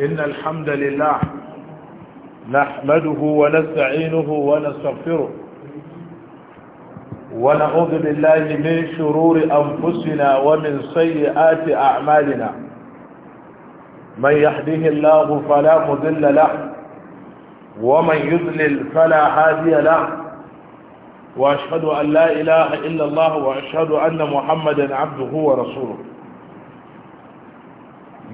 إن الحمد لله نحمده ونستعينه ونستغفره ونعوذ بالله من شرور أنفسنا ومن سيئات أعمالنا من يهده الله فلا مذل له ومن يذلل فلا هادي له وأشهد أن لا إله إلا الله وأشهد أن محمدا عبده ورسوله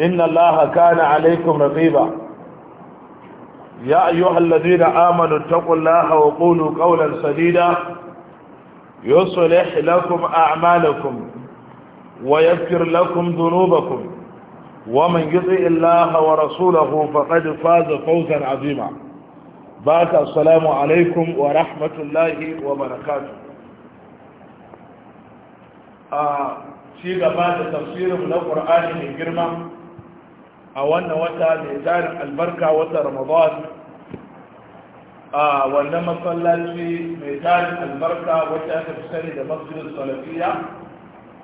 إن الله كان عليكم رقيبا يا أيها الذين آمنوا اتقوا الله وقولوا قولا سديدا يصلح لكم أعمالكم ويغفر لكم ذنوبكم ومن يطع الله ورسوله فقد فاز فوزا عظيما بارك السلام عليكم ورحمة الله وبركاته آه شيء بعد تفسير من القرآن من جرمه a wannan wata mai tarin albarka wata ramadan a wannan masallaci mai tarin albarka wacce aka fi sani da masjidin salafiya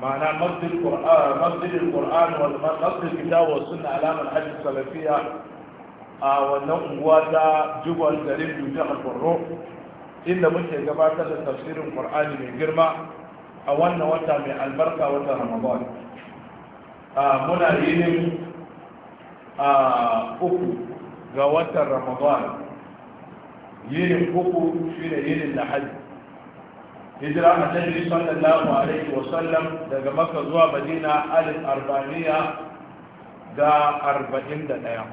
ma'ana masjidin qur'an wal masjid kitab wa sunna alamar hajji salafiya a wannan unguwa ta jubal garin biyu a borno inda muke gabatar da tafsirin qur'ani mai girma a wannan wata mai albarka wata ramadan muna yinin uku ga watan ramadan yinin uku shi ne yinin na hijira a tajiri sallallahu alaihi wasallam daga maka zuwa madina alif arbaniya da arba'in da ɗaya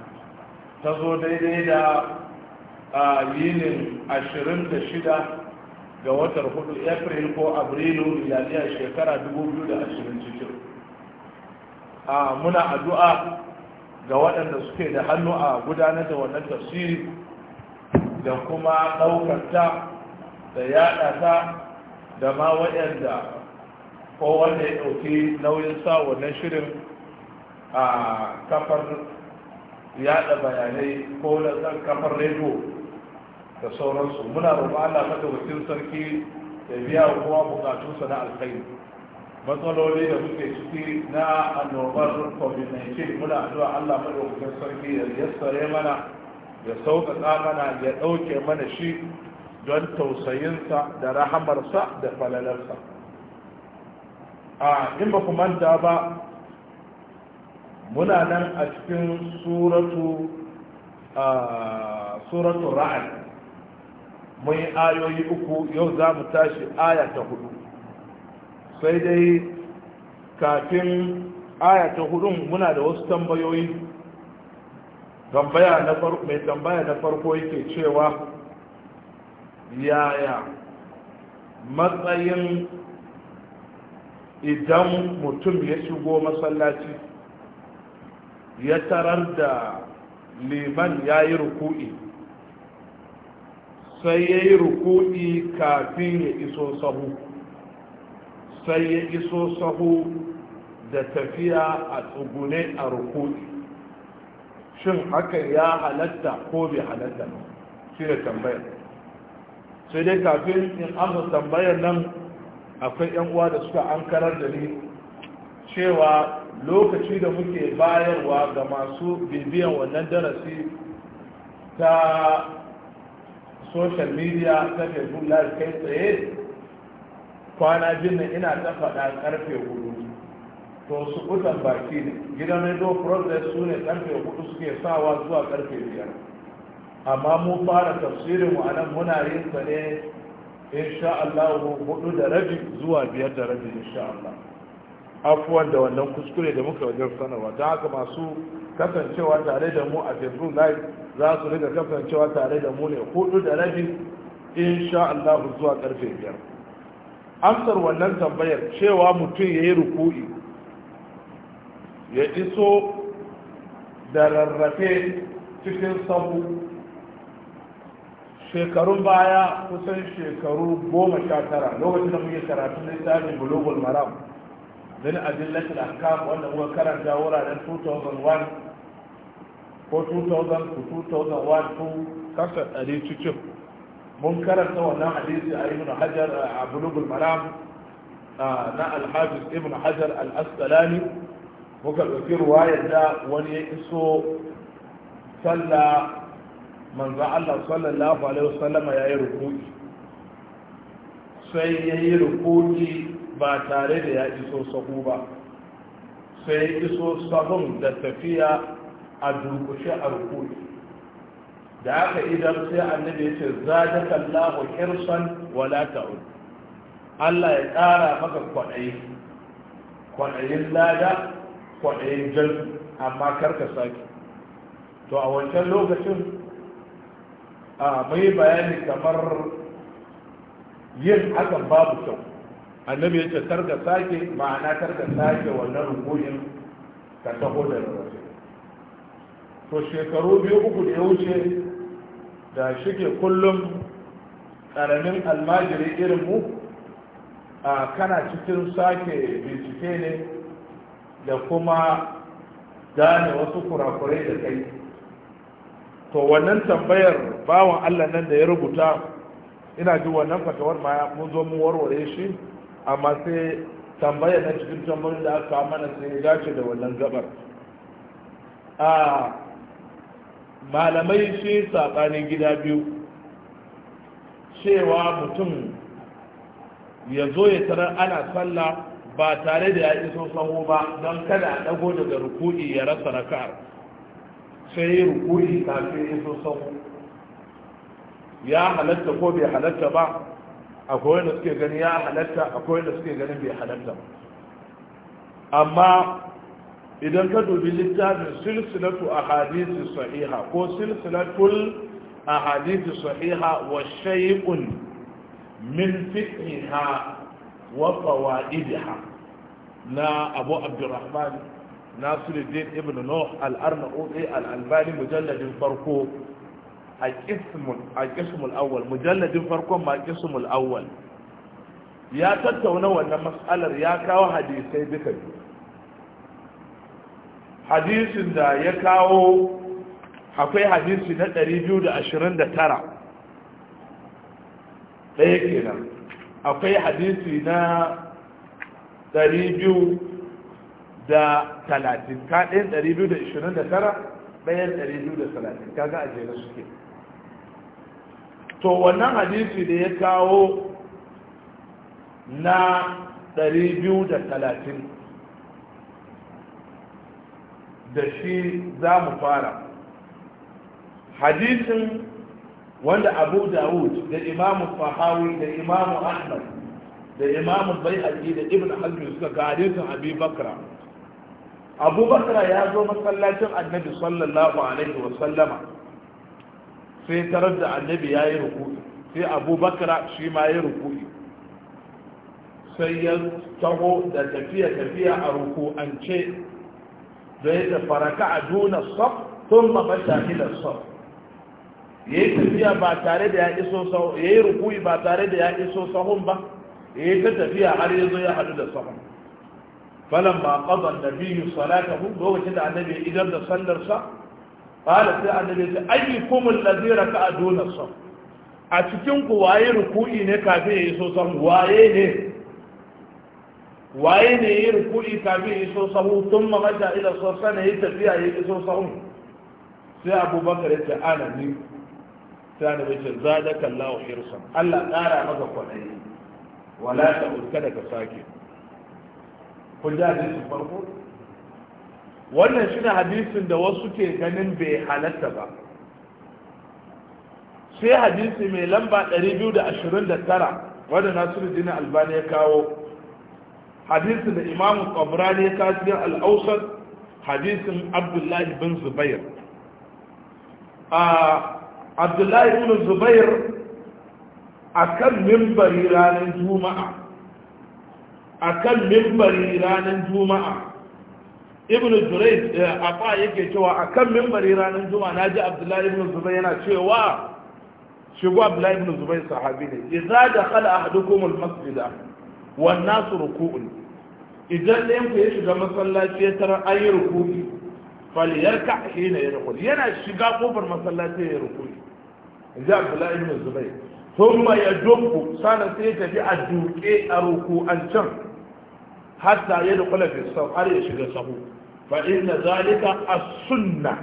ta zo daidai da yinin ashirin da shida ga watar hudu april ko abrilu miladiyar shekara 2020 muna addu'a ga waɗanda suke da hannu a gudanar da wannan tafsiri da kuma ɗaukarta da yaɗa ta da ma waɗanda ko wanda ya ɗauki nauyin sa wannan shirin a kafar yaɗa bayanai ko da kafar rediyo da sauransu muna roƙon Allah madaukakin sarki ya biya kuma kowa bukatunsa na alkhairi matsaloli da muke ciki na annobar covid-19 muna zuwa Allah madaukakin sarki ya yassare mana ya sauƙaƙa mana ya ɗauke mana shi don tausayinsa da rahamarsa da falalarsa a in ba ku manta ba muna nan a cikin suratu suratu ra'ad mun yi ayoyi uku yau za mu tashi aya ta hudu sai dai kafin aya ta hudun muna da wasu tambayoyi mai tambaya na farko yake cewa yaya matsayin idan mutum ya shigo masallaci ya tarar da liman ya yi ruku'i sai ya yi ruku'i kafin ya iso sahu sai ya iso sahu da tafiya a tsugune a rukuni shin haka ya halatta ko bai halatta ba shi ne tambayar sai dai kafin in amsa tambayar nan akwai yan uwa da suka ankarar da ni cewa lokaci da muke bayarwa ga masu bibiyan wannan darasi ta social media ta facebook live kai tsaye kwana jin ina ta faɗa ƙarfe hudu to su kutan baki ne gidan redo process su ne ƙarfe hudu suke sawa zuwa ƙarfe biyar amma mu fara tafsirin mu anan muna yin sa ne insha Allah hudu da rabi zuwa biyar da rabi insha Allah afuwan da wannan kuskure da muka wajen sanarwa don haka masu kasancewa tare da mu a facebook live za su riga kasancewa tare da mu ne hudu da rabi insha Allah zuwa ƙarfe biyar amsar wannan tambayar cewa mutum ya yi ruku'i ya iso da rarrafe cikin sabu shekarun baya kusan shekaru goma sha tara lokacin da muke karatu na tsarin global maram min adillatul ahkam wanda muka karanta wuraren 2001 ko 2000 ko 2001 ko kasar ɗari cikin mun karanta wannan hadisi a ibn hajar a bulugul maram na alhafiz ibn hajar al-asqalani muka ɗauki ruwayar da wani ya iso salla manzan Allah sallallahu alaihi wasallama ya yi rukuki sai ya yi rukuki ba tare da ya iso sahu ba sai ya iso sahun da tafiya a durkushe a rukuki da aka idan sai annabi ya ce zadaka Allahu hirsan wala ta'ud Allah ya tsara maka kwaɗayi kwaɗayin lada kwaɗayin jan amma karka sake to a wancan lokacin a mai bayani kamar yin hakan babu kyau annabi ya ce karka sake ma'ana karka sake wannan rukunin ka taho da rarrafe to shekaru biyu uku da ya wuce da shige kullum ƙaramin almajiri irin mu a kana cikin sake bincike ne da kuma gane wasu kurakurai da kai to wannan tambayar bawan allah nan da ya rubuta ina ji wannan fatawar ma mun zo mu warware shi amma sai tambayar na cikin tambayoyin da aka mana sai ya dace da wannan gabar malamai shi saɓanin gida biyu cewa mutum ya zo ya tarar ana sallah ba tare da ya iso sahu ba don kada a ɗago daga rukuɗi ya rasa raka'ar sai yi rukuni kafin iso sahu. ya halatta ko bai halatta ba akwai wanda suke gani ya halatta akwai wanda suke ganin bai halatta ba amma idan ka dubi littafin silsilatu a hadisi sahiha ko silsilatul a hadisi sahiha wa shaikun min fiqhiha wa fawaidiha na abu abdurrahman nasiruddin ibn nuh al-arnaudi al mujalladin farko a kismul awal mujalladin farkon ma kismul awal ya tattauna wannan matsalar ya kawo hadisai duka biyu hadisin da ya kawo akwai hadisi na 229 ɗaya kenan akwai hadisi na 200 da 30 ka ɗayan 229 ɗayan 230 kaga a jere suke to wannan hadisi da ya kawo na 230 da shi za mu fara hadisin wanda abu dawud da imamu fahawi da imamu ahmad da imamu bai'aƙi da ibn hajji suka ga hadisin abi bakra abu bakra ya zo masallacin annabi sallallahu alaihi wa sallama sai tarar da annabi ya yi ruku'i sai abu bakra shi ma ya ruku'i sai ya taho da tafiya tafiya a ruku'ance فإذا فركع دون الصف ثم مشى إلى ya yi tafiya ba tare da ya iso sahun ya yi rukuyi ba tare da ya iso sahun ba ya yi ta tafiya har zo ya hadu da sahun falan ba kazan biyu salata salatahu lokacin da annabi ya idar da sallar sa qala sai annabi ya ayyukum allazi raka'a duna saf a cikin ku waye rukuyi ne kafin ya iso sahun waye ne waye ne yi rukuri kafin ya so sahu tun mamata ila so sana yi tafiya ya yi so sahu sai abubakar ya ce ana ni sai da wace zada kallahu Allah ƙara maka kwanayi wala ta uska daga sake Kun ji hadisin farko wannan shi ne hadisin da wasu ke ganin bai halatta ba sai hadisi mai lamba 229 wanda nasiru dina albani ya kawo hadisin da imamu tsabrani ya yin al'ausar hadisin abdullahi bin zubair abdullahi bin zubair a kan mimbari ranar juma'a a kan mimbari ranar juma'a ibn jurais eh, a ba yake cewa a kan mimbari ranar juma'a na ji abdullahi bin zubair yana cewa shigo abdullahi bin zubair sahabi ne idza dakhala ahadukum al-masjida wannan su ruku'un idan ɗayan ku ya shiga masallaci ya tarar an yi ruku'i faliyar ka hina ya rukuni yana shiga kofar masallaci ya rukuni in ji abdullahi ibn zubair ثم يدق سنة تبي أدوك أروكو أنتم حتى يدخل في الصف عليه شيء صفو sunna ذلك السنة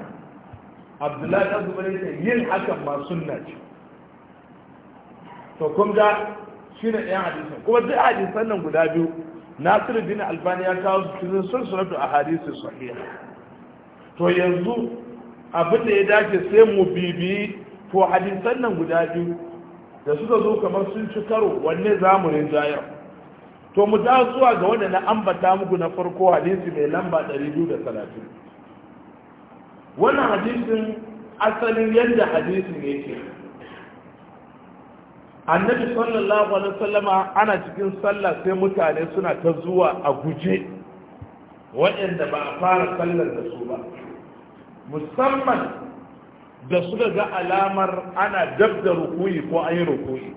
zubai yin hakan ma sunna ce. To kun ga. shine ɗaya hadisin kuma duk hadisan nan guda biyu nasiruddin albani ya kawo cikin sulsulatu a hadisi sahiha to yanzu abin da ya dace sai mu bibi to hadisan nan guda biyu da suka zo kamar sun ci karo wanne zamanin jayar to mu zuwa ga wanda na ambata muku na farko hadisi mai lamba ɗari biyu da talatin. wannan hadisin asalin yadda hadisin yake annabi sallallahu alaihi wasallama ana cikin sallah sai mutane suna ta zuwa a guje waɗanda ba a fara sallar da su ba musamman da suka ga alamar ana dab da rukuyi ko an yi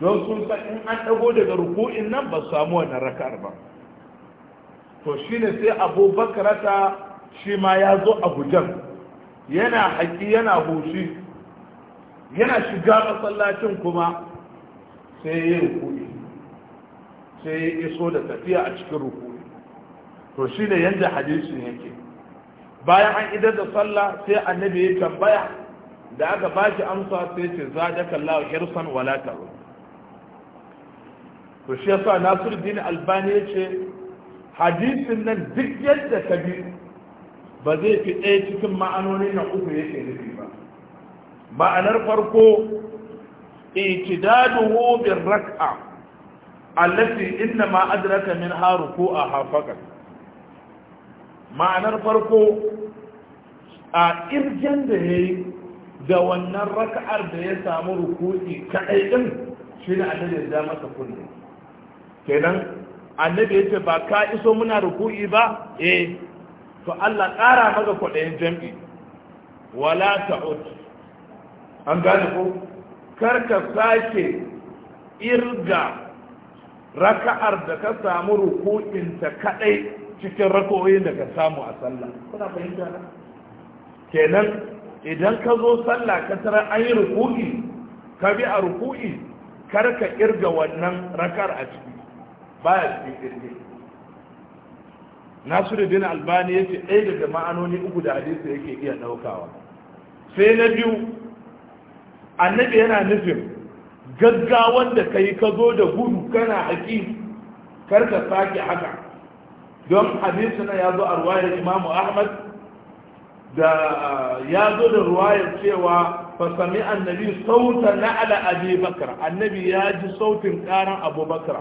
don sun san in an ɗago daga ruku'in nan ba samu wani raka'ar ba to shine sai abu ta shi ma ya zo a gujen yana haƙi yana hoshi yana shiga masallacin kuma sai ya yi rukuni sai ya iso da tafiya a cikin rukuni to shi ne yadda hadisin yake bayan an idar da sallah sai annabi ya tambaya da aka ba shi amsa sai ce za da kallawa hirsan wala to shi yasa nasiruddin albani ya ce hadisin nan duk yadda ka bi ba zai fi ɗaya cikin ma'anoni na uku yake nufi ma'anar farko itidaduhu hobin rak'a allati inna ma adraka min haruku a hafaka ma'anar farko a irgen da yayi da wannan raka'ar da ya samu ruku'i kadai din shi ne annabi ya masa kunne kenan annabi ya ce ba ka iso muna ruku'i ba eh to Allah ƙara maka kwaɗayin jam'i wala ta'ud an gane ko karka sake irga raka'ar da ka samu ruku'inta kadai cikin rako'oyin da ka samu a sallah kuna fahimta na kenan idan ka zo sallah ka tara an yi ruku'i ka bi a ruku'i karka irga wannan raka’ar a ciki baya cikin irge nasiruddin albani ya ce ɗaya daga ma'anoni uku da hadisi yake iya ɗaukawa sai na biyu annabi yana nufin gaggawan da ka yi ka zo da gudu kana haƙi karka sake haka don hadisuna ya zo a ruwayar imamu ahmad da uh, ya zo da ruwayar cewa fasami annabi sauta na ala abi annabi ya ji sautin karan abu bakar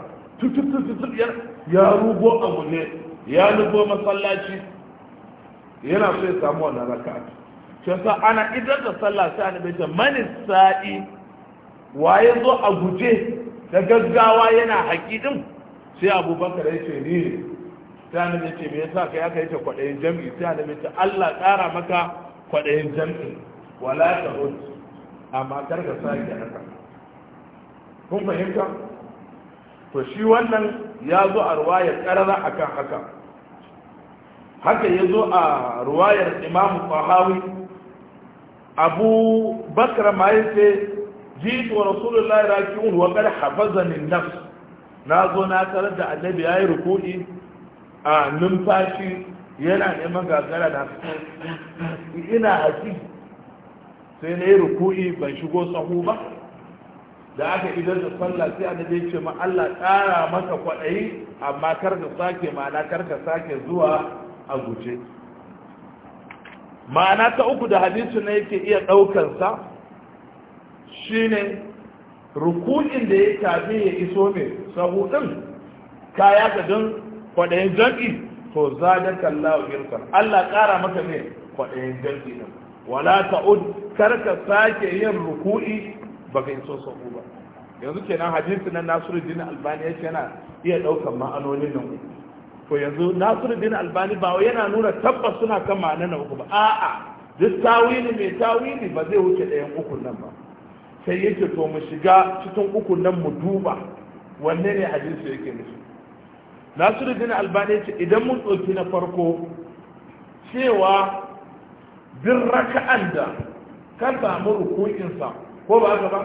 ya rugo abu ne ya rugo masallaci yana so ya samu wannan raka'a shi ana idar da sallah sai a ce man sa'i waye zo a guje da gaggawa yana ɗin? sai abubakar ya ce ni ne sai annabi ce me yasa kai aka kwaɗayin jam'i sai a annabi ce Allah tsara maka kwaɗayin jam'i. wala ta amma kar ka sake haka kun fahimta to shi wannan ya zo a ruwayar ƙarara akan haka haka ya zo a ruwayar imamu kwahawi abu bakra ma ya ce jitu wa rasulullahi raki'un wa qad nafs na zo na tarar da annabi yayi ruku'i a numfashi yana neman gagara da ina haji sai na yi ruku'i ban shigo sahu ba da aka idan da sallah sai annabi ya ce ma Allah tsara maka kwaɗayi amma kar ka sake ma'ana kar ka sake zuwa a guje ma'ana ta uku da hadisu na yake iya ɗaukansa shine rukunin da ya tafi ya iso mai sahu ɗin kaya ga don kwaɗayin jam'i to za da kalla Allah ƙara maka ne kwaɗayin jam'i ɗin wala ta'ud karka sake yin ruku'i baka iso sahu ba yanzu kenan hadisu na nasiru dina albani yana iya ɗaukan ma'anonin nan to yanzu nasiruddin albani ba yana nuna tabbas suna kan ma'ana na uku ba a'a duk tawili mai tawili ba zai wuce ɗayan uku nan ba sai yake to mu shiga cikin uku nan mu duba wanne ne hadisi yake nufi nasiruddin albani ce idan mun ɗauki na farko cewa duk raka'an da ka samu rukuninsa ko ba haka ba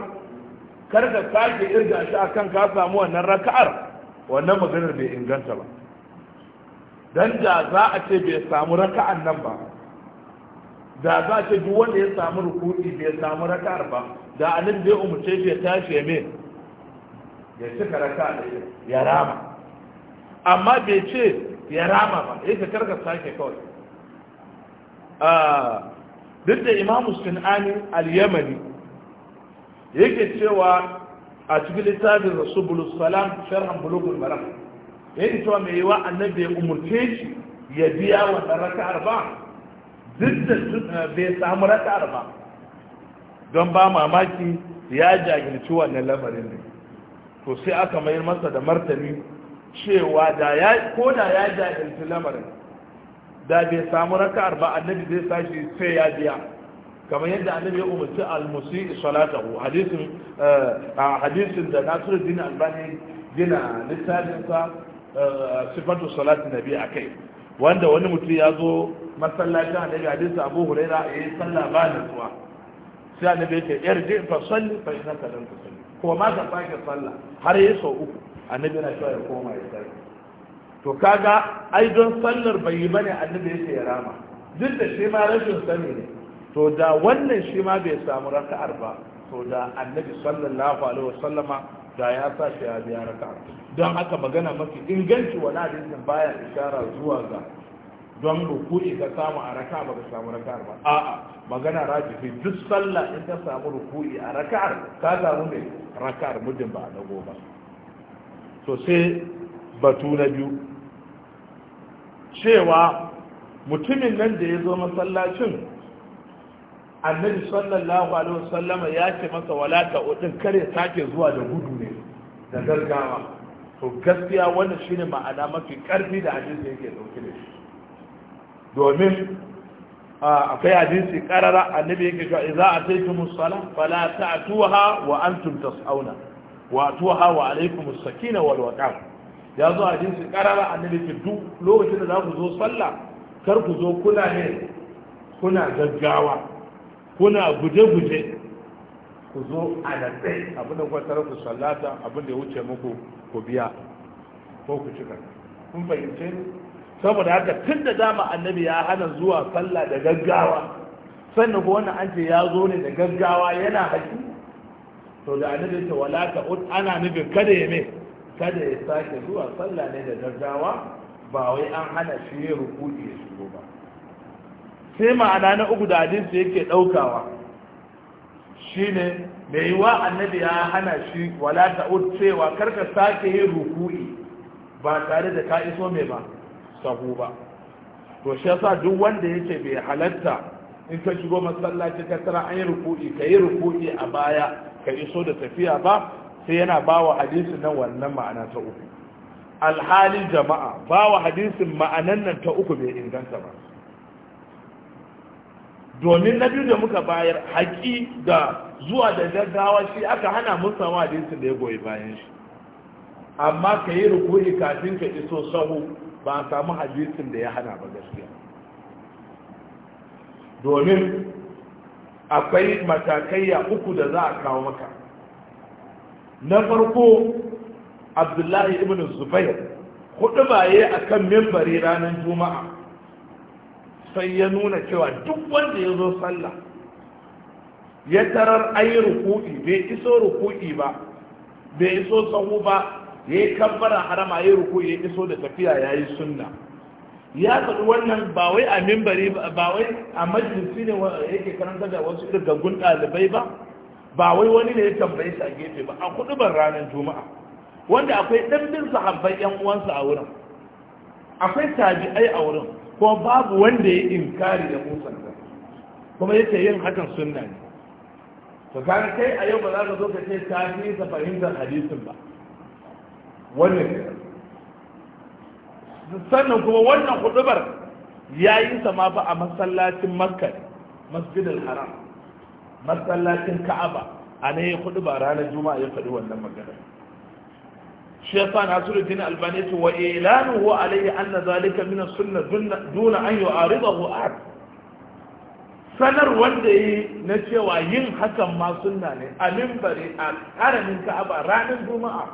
kar ka sake irga shi akan ka samu wannan raka'ar wannan maganar bai inganta ba dan da za a ce bai samu raka'an nan ba da za a ce duk wanda ya samu ruku'i bai samu raka'ar ba da anan bai umarce shi ya tashi me ya cika raka'a da ya rama amma bai ce ya rama ba ya ka karka sake kawai duk da imamu sin'ani al-yamani yake cewa a cikin littafin rasu salam sharhan bulugul maram ya yi cewa mai yiwa annabi ya umurce shi ya biya wannan raka'ar ba duk da eh, bai samu raka'ar ba don ba mamaki ya jagirci wannan lamarin ne to sai aka mayar masa da martani cewa da ya ko da ya jahilci lamarin da bai samu raka'ar ba annabi zai sashi sai ya biya kamar yadda annabi ya umarci al salatahu hadisin eh, hadisin da Nasiruddin Albani gina littafin sa sifatu salati nabi a kai wanda wani mutum ya zo masallacin daga hadisi abu huraira a yi sallah ba zuwa sai annabi ya ce je fa salli fa ka lam tusalli ko ma ka sake sallah har yi sau uku annabi yana cewa ya koma ya sai to kaga ai don sallar bai yi bane annabi ya ce ya rama duk da shi ma rashin sani ne to da wannan shi ma bai samu raka'ar ba to da annabi sallallahu alaihi wasallama da ya sa shi ya biya raka don haka magana mafi inganci wani hadisin baya ishara zuwa ga don ruku'i ka samu a raka ba ka samu raka'ar ba a'a magana fi duk sallah in ka samu ruku'i a raka'ar ka samu ne raka'ar muddin ba a goma ba to sai batu na biyu cewa mutumin nan da ya zo masallacin annabi sallallahu alaihi wasallama ya ce masa wala ta udin kare sake zuwa da gudu da gaggawa to gaskiya wannan shine ma'ana mafi karfi da hadisi yake dauke da shi domin akwai hadisi karara annabi yake cewa idza ataytumus sala fala ta'tuha wa antum tas'una wa atuha wa alaykumus sakina wal waqaf ya zo hadisi karara annabi ke duk lokacin da za ku zo sallah kar ku zo kuna ne kuna gaggawa kuna guje-guje ku zo a natsai abin da tare ku sallata abin ya wuce muku ku biya ko ku cika kun fahimce saboda haka tun da dama annabi ya hana zuwa salla da gaggawa sannan ko wannan an ce ya zo ne da gaggawa yana haƙi to da annabi ta wala ka ana nufin kada ya me kada ya sake zuwa sallah ne da gaggawa ba wai an hana shi ya rukuɗi ya shigo ba sai ma'ana na uku da hadisi yake ɗaukawa. shine mai yiwa annabi ya hana shi wala ta'ud cewa karka sake yin ruku'i ba tare da ka iso mai ba sahu ba to shi yasa duk wanda yake bai halatta in ka shigo masallaci ka tara an yi ruku'i ka yi ruku'i a baya ka iso da tafiya ba sai yana ba wa hadisin nan wannan ma'ana ta uku alhali jama'a ba wa hadisin ma'anan nan ta uku bai inganta ba domin na biyu da muka bayar haƙi da zuwa da gaggawa shi aka hana musamman hadisin da ya goyi bayan shi amma ka yi rukuni kafin ka iso sahu ba a samu hadisin da ya hana ba gaskiya domin akwai matakaiya uku da za a kawo maka na farko abdullahi ibn zubair hudu baye a kan mimbari ranar juma'a sai ya nuna cewa duk wanda ya zo sallah ya tarar an yi ruku'i bai iso ruku'i ba bai iso sahu ba ya yi kabbara harama ya yi ruku'i ya iso da tafiya ya yi sunna ya faɗi wannan ba wai a mimbari ba wai a majalisi ne yake karanta da wasu gangun ɗalibai ba ba wai wani ne ya tambayi shi a gefe ba a ban ranar juma'a wanda akwai ɗanbin sahabbai yan uwansa a wurin akwai tabi'ai a wurin ko babu wanda ya inkari da musanta kuma yake yin hakan sunna ne to kana kai a yau ba za ka zo ka ce ta fi ta fahimtar hadisin ba wannan sannan kuma wannan hudubar ya yi sa ma ba a masallacin makka masjidil haram masallacin ka'aba a ne ya hudu ba ranar juma'a ya faɗi wannan magana shi yasa Nasiruddin Albani ce wa ilanuhu alayhi anna zalika min as-sunna duna an yu'aridahu ahad sanar wanda yi na cewa yin hakan ma sunna ne a mimbari a haramin Ka'aba ranar Juma'a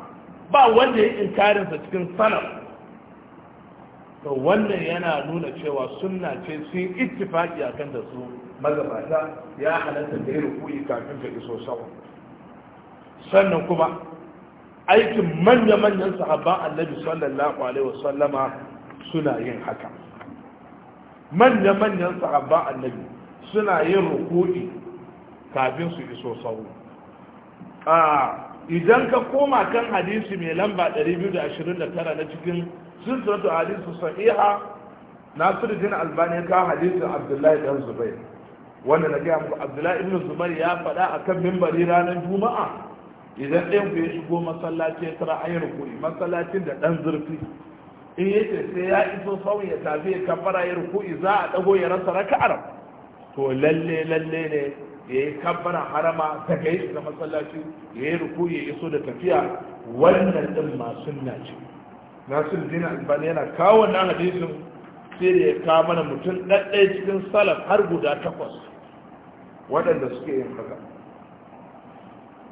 ba wanda ya inkarin sa cikin sanar to wannan yana nuna cewa sunna ce sun ittifaqi akan da su magabata ya halatta da rukuyi kafin ka iso sawa sannan kuma aikin manya-manyan sahabban annabi sallallahu alaihi wasallama suna yin haka manya-manyan sahabban annabi suna yin rukudi kafin su iso sauro idan ka koma kan hadisi mai lamba 229 na cikin silsilatu hadisi sahiha nasiruddin albani ka kawo abdullahi dan zubair wanda na gaya muku abdullahi ibn zubair ya faɗa akan mimbari ranar juma'a idan ɗan ku ya shigo masallaci ya tara ayi rukuni masallacin da ɗan zurfi in ya ce sai ya iso sauyi ya tafi ya kabbara ya rukuni za a ɗago ya rasa raka'ar to lalle lalle ne ya yi kabbara harama ta kai shiga masallaci ya yi rukuni ya iso da tafiya wannan ɗin masu sunna ce nasir dina albani yana kawo wannan hadisin sai da ya kawo mana mutum ɗaɗɗaya cikin salaf har guda takwas waɗanda suke yin haka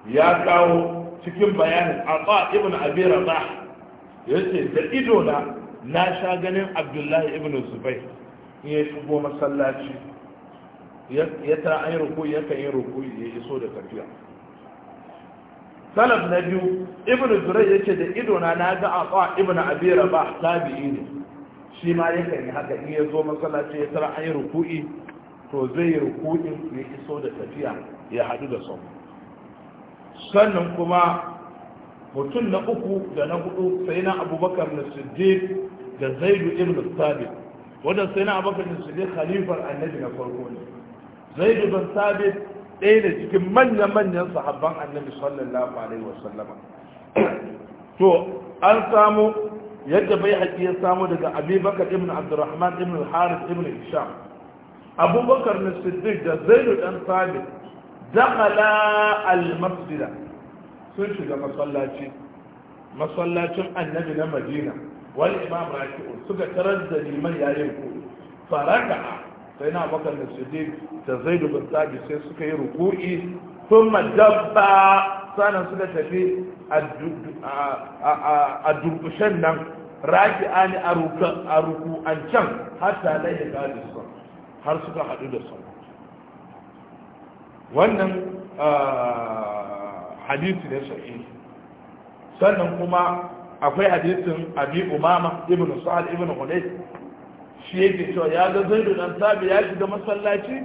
ya kawo cikin bayanin atsa ibn abi rabah yace da ido na na sha ganin abdullahi ibn zubair in ya shigo masallaci ya ta an ruku ya kan yi ruku ya iso da tafiya salaf na biyu ibn zurai yace da ido na na ga atsa ibn abi rabah tabi'i ne shi ma yakan yi haka in ya zo masallaci ya tara an yi ruku'i to zai yi ruku'in ya iso da tafiya ya hadu da sauran sannan kuma mutum na uku da na hudu sai na abubakar na siddiq da zaidu ibn sabit wanda sai na abubakar na siddiq khalifar annabi na farko ne zaidu ibn sabit ɗaya da cikin manya-manyan sahabban annabi sallallahu alaihi wa sallama. to an samu yadda bai haƙi ya samu daga abubakar ibn abdurrahman ibn al-harith ibn hisham abubakar na siddiq da zaidu dan sabit dakala al-masjida sun shiga masallaci masallacin annabi na madina wal imam raki'u suka tarar da liman yayin ku faraka sai na bakar da da zaid bin thabit sai suka yi ruku'i thumma dabba sanan suka tafi a durkushen nan raki'ani a ruku an can hatta la yakadu har suka hadu da sun wannan ah, hadisi ne sahihi sannan kuma akwai hadisin abi umama ibn sa'ad ibn hunayf shi yake cewa ya ga zaidu dan sabi ya shiga masallaci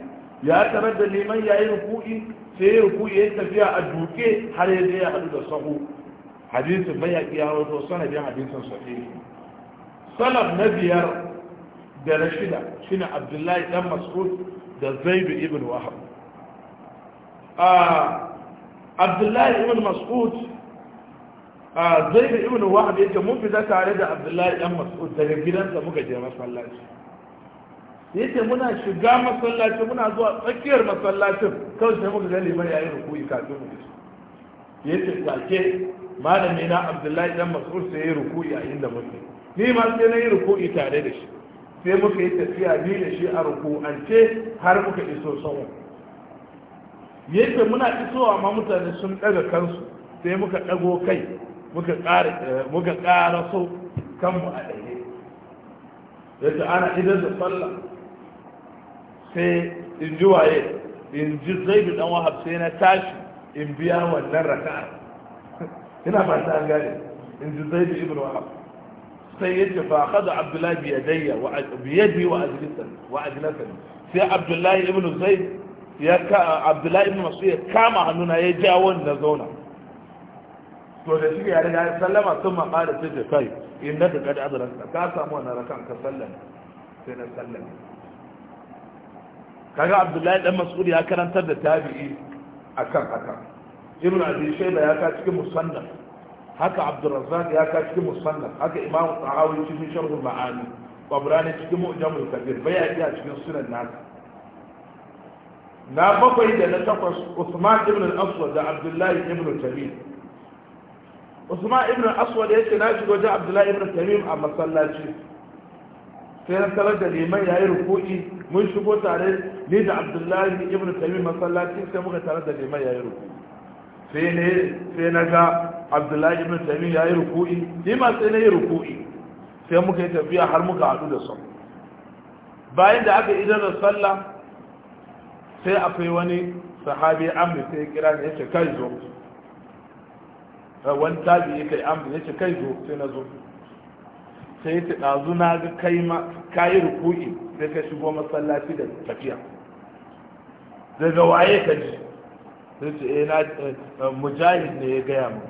ya tarar da liman yayi ruku'i sai ya ruku'i ya tafiya a duke har ya je ya hadu da sahu hadisin mai yaki ya rawato sanadin hadisin sahihi sanad na biyar da rashida shine abdullahi dan mas'ud da zaidu ibn wahab abdullahi ibn mas'ud zai ibn wahab yake mun fita tare da abdullahi dan mas'ud daga gidansa muka je masallaci yace muna shiga masallaci muna zuwa tsakiyar masallacin kawai sai muka ga liman yayin rukuyi kafin mu yace sake malami na abdullahi dan mas'ud sai ya rukuyi a inda muke ni ma sai na yi rukuyi tare da shi sai muka yi tafiya ni da shi a ce har muka iso sanwa yake muna isowa ma mutane sun daga kansu sai muka dago kai muka ƙara so kanmu a ɗaya yadda ana idan da sallah sai in ji waye in ji zai bi dan wahab sai na tashi in biya wannan raka'a ina ba ta an gane in ji zai bi ibn wahab sai yadda fa kada abdullahi bi yadayya wa bi yadi wa wa ajlisan sai abdullahi ibn zaid ya ka abdullahi ibn masu ya kama hannuna ya jawo wani na zauna to da shi ya riga ya sallama sun ma ƙara sai da kai in da ka da azraka ka samu wani rakan ka sallan sai na sallan kaga abdullahi dan mas'ud ya karantar da tabi'i akan haka ibn abi shayba ya ka cikin musannaf haka abdurrazzaq ya ka cikin musannaf haka imam tahawi cikin sharh al-ma'ani qabrani cikin mu'jam al-kabir bayati a cikin sunan nasa na bakwai da na takwas usman ibn al-aswad da abdullahi ibn tamim usman ibn al-aswad ya ce na shiga wajen abdullahi ibn tamim a masallaci sai na tarar da liman yayi ruku'i mun shigo tare ni da abdullahi ibn tamim masallaci sai muka tarar da liman yayi ruku'i sai ne sai na ga abdullahi ibn tamim yayi ruku'i ni ma sai na yi ruku'i sai muka yi tafiya har muka haɗu da su bayan da aka idan da sallah sai akwai wani sahabi amri sai ya kira ne ya ce kai zo wani tabi ya kai amri ya ce kai zo sai na zo sai ta ɗazu na ga kai ma kayi ruku'i sai ka shigo masallaci da tafiya daga waye ka ji sai ce eh na eh, mujahid ne ya gaya mu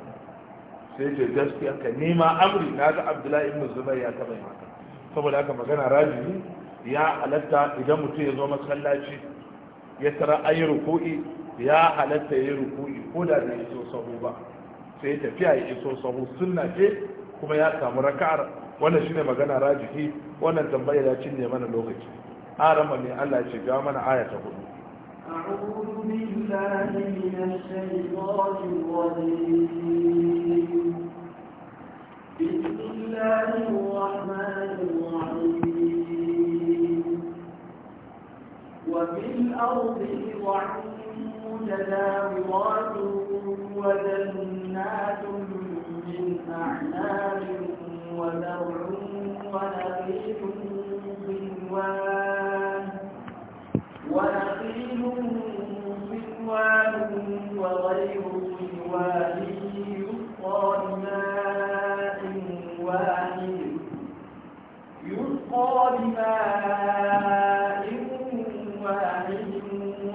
sai ce gaskiya ka nema amri na ga abdullahi ibn zubair ya taɓa yi maka saboda haka magana rajini ya alatta idan mutum ya zo masallaci ya tara ayi ruku'i ya halatta yayi ruku'i ko da da iso sahu ba sai tafiya ya iso sahu sunna ce kuma ya samu raka'ar wannan shine magana rajihi wannan tambaya ya cinye mana lokaci arama ne Allah ya ce ga mana aya ta hudu أعوذ بسم الله الرحمن الرحيم وفي الأرض وعن متداورات وجنات من أعناب وزرع ونقيح صنوان ونخيل صنوان وغير صنوان يسقى بماء واحد يسقى بماء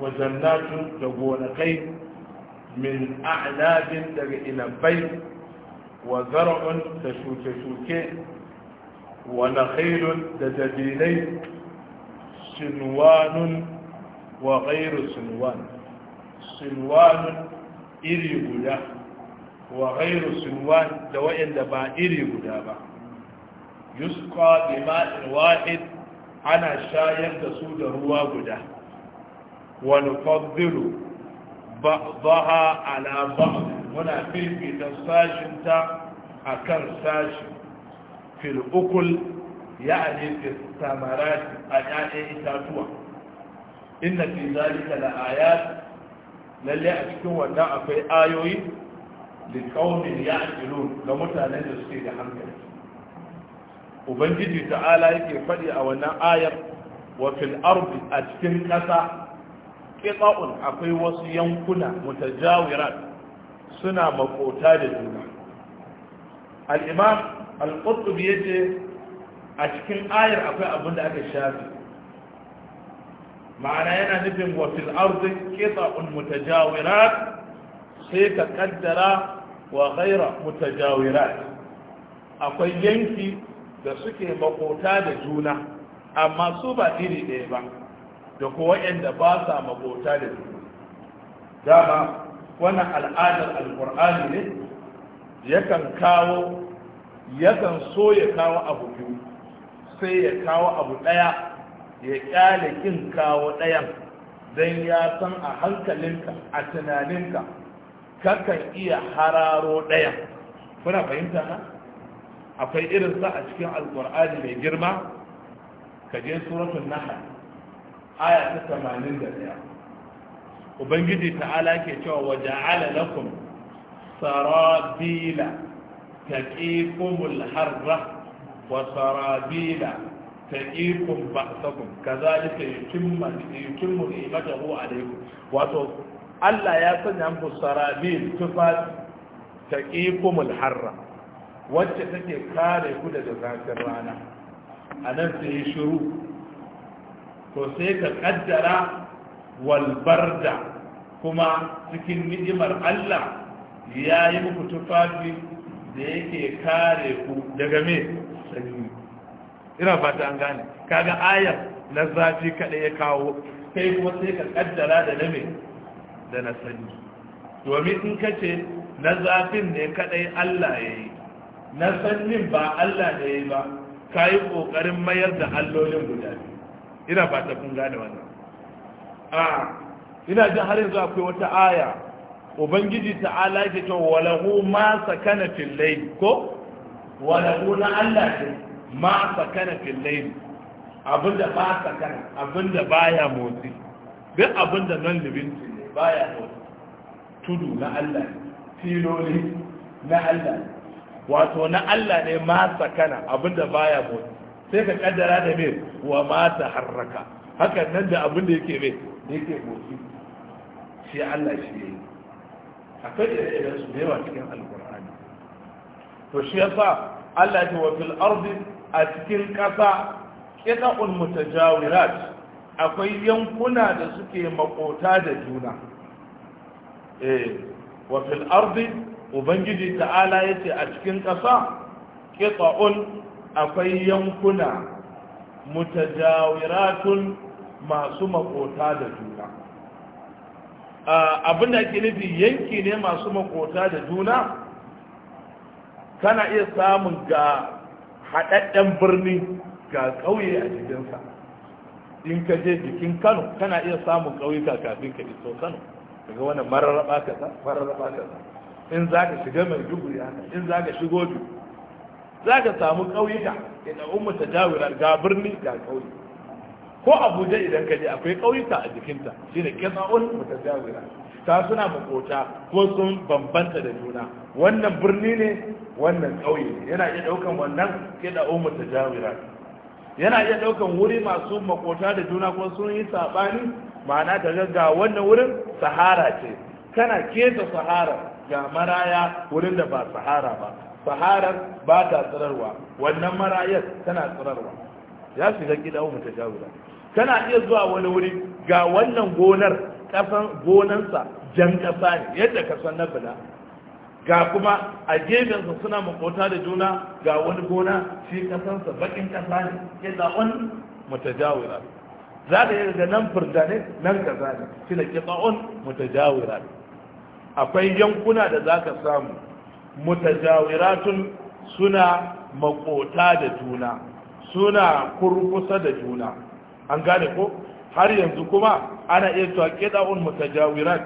wa jannatu da gonakai min a'nabin daga inabai wa zar'un da shuke-shuke wa nakhailun da dabinai sinwanun wa iri guda da wa'anda ba iri guda ba yusqa ana shayar da su da ruwa guda Wani ba zaha ala ba muna fifita sashin ta a kan sashin fil ukul ya ajefin samara a yanayin itatuwa inda fi zalika da ayat lalle a cikin wannan akwai ayoyi da ya ajirun ga mutanen da suke da hankali ubangiji ta'ala yake faɗi a wannan ayar wa fil a cikin ƙasa qita'un akwai wasu yankuna mutajawirat suna makota da juna al-imam al-qurtubi yace a cikin ayar akwai abin da aka shafi ma'ana yana nufin wa fil ardi qita'un mutajawirat sai ka kaddara wa ghaira mutajawirat akwai yanki da suke makota da juna amma su ba iri ɗaya ba da ko waɗanda ba sa magota da su dama wannan al'adar alƙur'ani ne yakan kawo yakan so ya kawo abu biyu sai ya kawo abu ɗaya ya ƙyale kin kawo ɗayan don ya san a hankalinka a tunaninka kakan iya hararo ɗayan kuna fahimta na akwai irin sa a cikin alƙur'ani mai girma ka je suratul nahl aya ta tamanin da ɗaya ubangiji ta'ala ke cewa waje alalakum sarabila taqikumul harra wa sarabila taqikum ba'sakum kazalika yutimmu yutimmu ni'matahu alaykum wato Allah ya sanya muku sarabil tufat taqikumul harra wacce take kare ku daga zafin rana a nan sai yi shiru to sai ka kaddara walbarda kuma cikin ni'imar Allah ya yi muku tufafi da yake kare ku daga me sanyi ina fata an gane kaga ayar na zafi kada ya kawo kai kuma sai ka kaddara da na me da na sanyi domin in ka ce na zafin ne kadai Allah ya yi na sanyin ba Allah ne ya yi ba ka yi ƙoƙarin mayar da allolin guda biyu ina ba ta kun gane wannan a ina jin har yanzu akwai wata aya ubangiji ta'ala ke cewa walahu ma sakana fil layl ko walahu na Allah ne ma sakana fil layl abinda ba sakana abinda baya motsi duk abinda nan libin ne baya motsi tudu na Allah ne na Allah wato na Allah ne ma sakana abinda baya motsi sai ka kaddara da mai wa ma ta harraka hakan nan da abin da yake mai da yake motsi shi Allah shi yayi akwai irin su da yawa cikin alkur'ani to shi yasa Allah ya wa fil ardi a cikin kasa qita'un mutajawirat akwai yankuna da suke makota da juna eh wa fil ardi ubangiji ta'ala yace a cikin kasa qita'un akwai yankuna mutajawiratun masu makota da juna abin da ke nufi yanki ne masu makota da juna kana iya samun ga haɗaɗɗen birni ga ƙauye a jikinsa? in ka je jikin kano kana iya samun ƙauyuka kafin ka iso kano daga wani mararraba ka mararraba kaza in za ka shiga mai dubu in za ka shigo dubu za ka samu ƙauyuka ina umma ta jawira ga birni ga ƙauye ko abuja idan ka je akwai ƙauyuka a jikinta shi ne shine kisa'un mutajawira ta suna makota ko sun bambanta da juna wannan birni ne wannan ƙauye yana iya ɗaukan wannan ta jawira yana iya ɗaukan wuri masu makota da juna ko sun yi saɓani ma'ana ta ga wannan wurin sahara ce kana keta sahara ga maraya wurin da ba sahara ba Faharar ba ta tsirarwa wannan marayar tana tsirarwa ya shiga gida mu ta shawura tana iya zuwa wani wuri ga wannan gonar kasan gonansa jan kasa ne yadda ka na bila ga kuma a gefensa suna makota da juna ga wani gona shi kasansa bakin kasa ne yadda wani mutajawira za ka yi da nan furda ne nan kasa ne shi da kitsa'un mutajawira akwai yankuna da za ka samu mutajawiratun suna makota da juna suna kurkusa da juna an gane ko har yanzu kuma ana iya cewa kidaun mutajawirat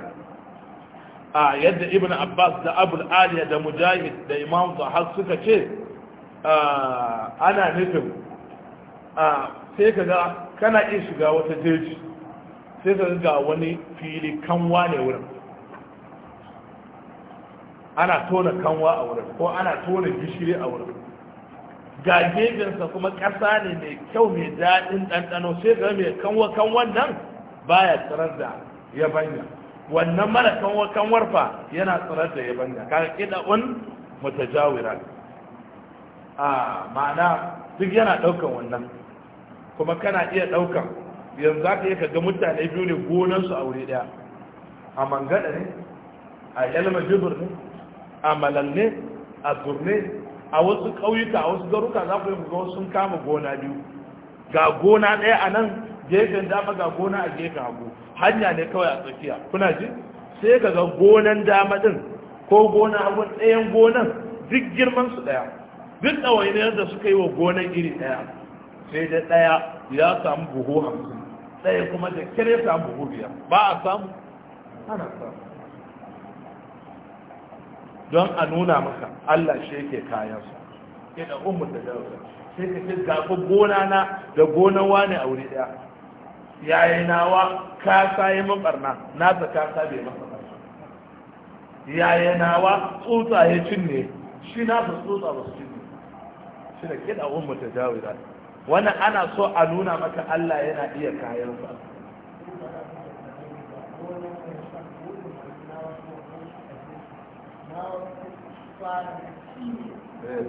a yadda ibn abbas da abul aliya da mujahid da imam zahar suka ce ana nufin sai ka kana iya shiga wata jeji sai ka ga wani fili kanwa ne wurin ana tona kanwa a wurin ko ana tona gishiri a wurin ga gefensa kuma ƙasa ne mai kyau mai daɗin ɗanɗano sai ga mai kanwa kanwan nan baya tsirar da yabanya wannan mara kanwa kanwar fa yana tsirar da yabanya kaga kida'un mutajawira a ma'ana duk yana ɗaukan wannan kuma kana iya ɗaukan yanzu za ka iya ka ga mutane biyu ne gonansu a wuri ɗaya a mangada ne a yalma jibir ne a malalle a zurne a wasu ƙauyuka a wasu garuka za ku yi buga wasu sun kama gona biyu ga gona ɗaya a nan gefen dama ga gona a gefen hagu hanya ne kawai a tsakiya kuna ji sai ka ga gonan dama din ko gona hagu ɗayan gonan duk girman su ɗaya duk ɗawainiyar da suka yi wa gonan iri ɗaya sai da ɗaya ya samu buhu hamsin ɗaya kuma da kere samu buhu biyar ba a samu ana samu don a nuna maka Allah shi yake ke da umar da dausa sai ka ce gafi gona na da gona wani a wuri ɗaya. yayi nawa ka sayi min barna na ta ka sabe masa yayi nawa tsutsa ya cinne shi na ba tsutsa ba su cinne shi da kida umar da dausa wannan ana so a nuna maka Allah yana iya kayan su. ka eh.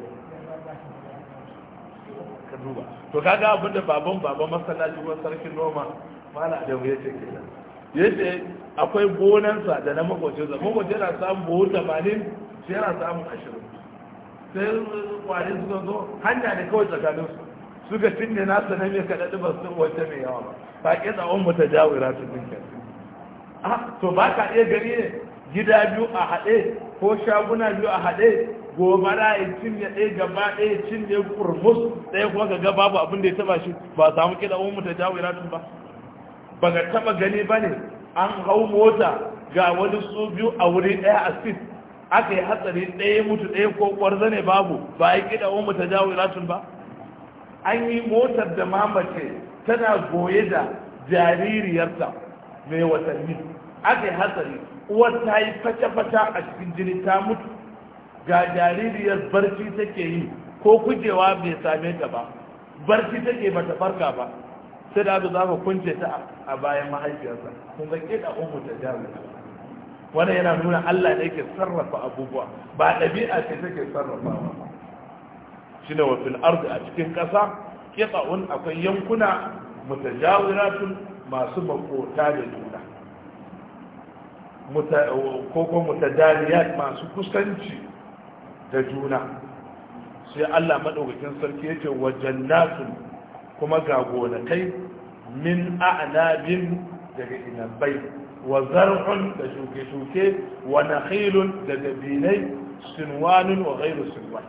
duba to kaga abin da baban baban masallaci ko sarkin noma mala da ya ce kenan yace akwai gonansa da na makocinsa makocin na samun buhu tamanin sai yana samun ashirin sai kwari suka zo hanya da kawai tsakanin su suka cinne na sanar mai kaɗaɗi ba su wata mai yawa ba ke tsawon ta jawira su ah, to ba ka iya gida biyu a haɗe ko shaguna biyu a haɗe gobara ya cinye ɗaya gaba ɗaya cinye kurmus ɗaya kuma ga gaba babu abin da ya taba shi ba samu kila umu ta jawo iratun ba ba ga taba gani ba ne an hau mota ga wani su biyu a wuri ɗaya a sit aka yi hatsari ɗaya mutu ɗaya ko ƙwarza ne babu ba ya kila umu ta jawo iratun ba an yi motar da mamace tana goye da jaririyarta mai watanni aka yi hatsari uwar ta yi fata-fata a cikin jini ta mutu ga jaririyar barci take yi ko kujewa bai same ta ba barci take bata farka ba sai da za ka kunce ta a bayan mahaifiyarsa kun ga da umu ta jarumta wanda yana nuna Allah ne yake sarrafa abubuwa ba ɗabi'a ce take sarrafa ba shine wa fil ardi a cikin ƙasa qita'un akwai yankuna mutajawiratun masu makota da juna Koko mutadariyat masu kusanci da juna sai Allah maɗaukakin sarki yake wajen jannatun kuma ga gonakai min a'nabin daga inabai wa zarhun da shuke-shuke wa nakhilun da dabinai sinwanin wa gairu sinwan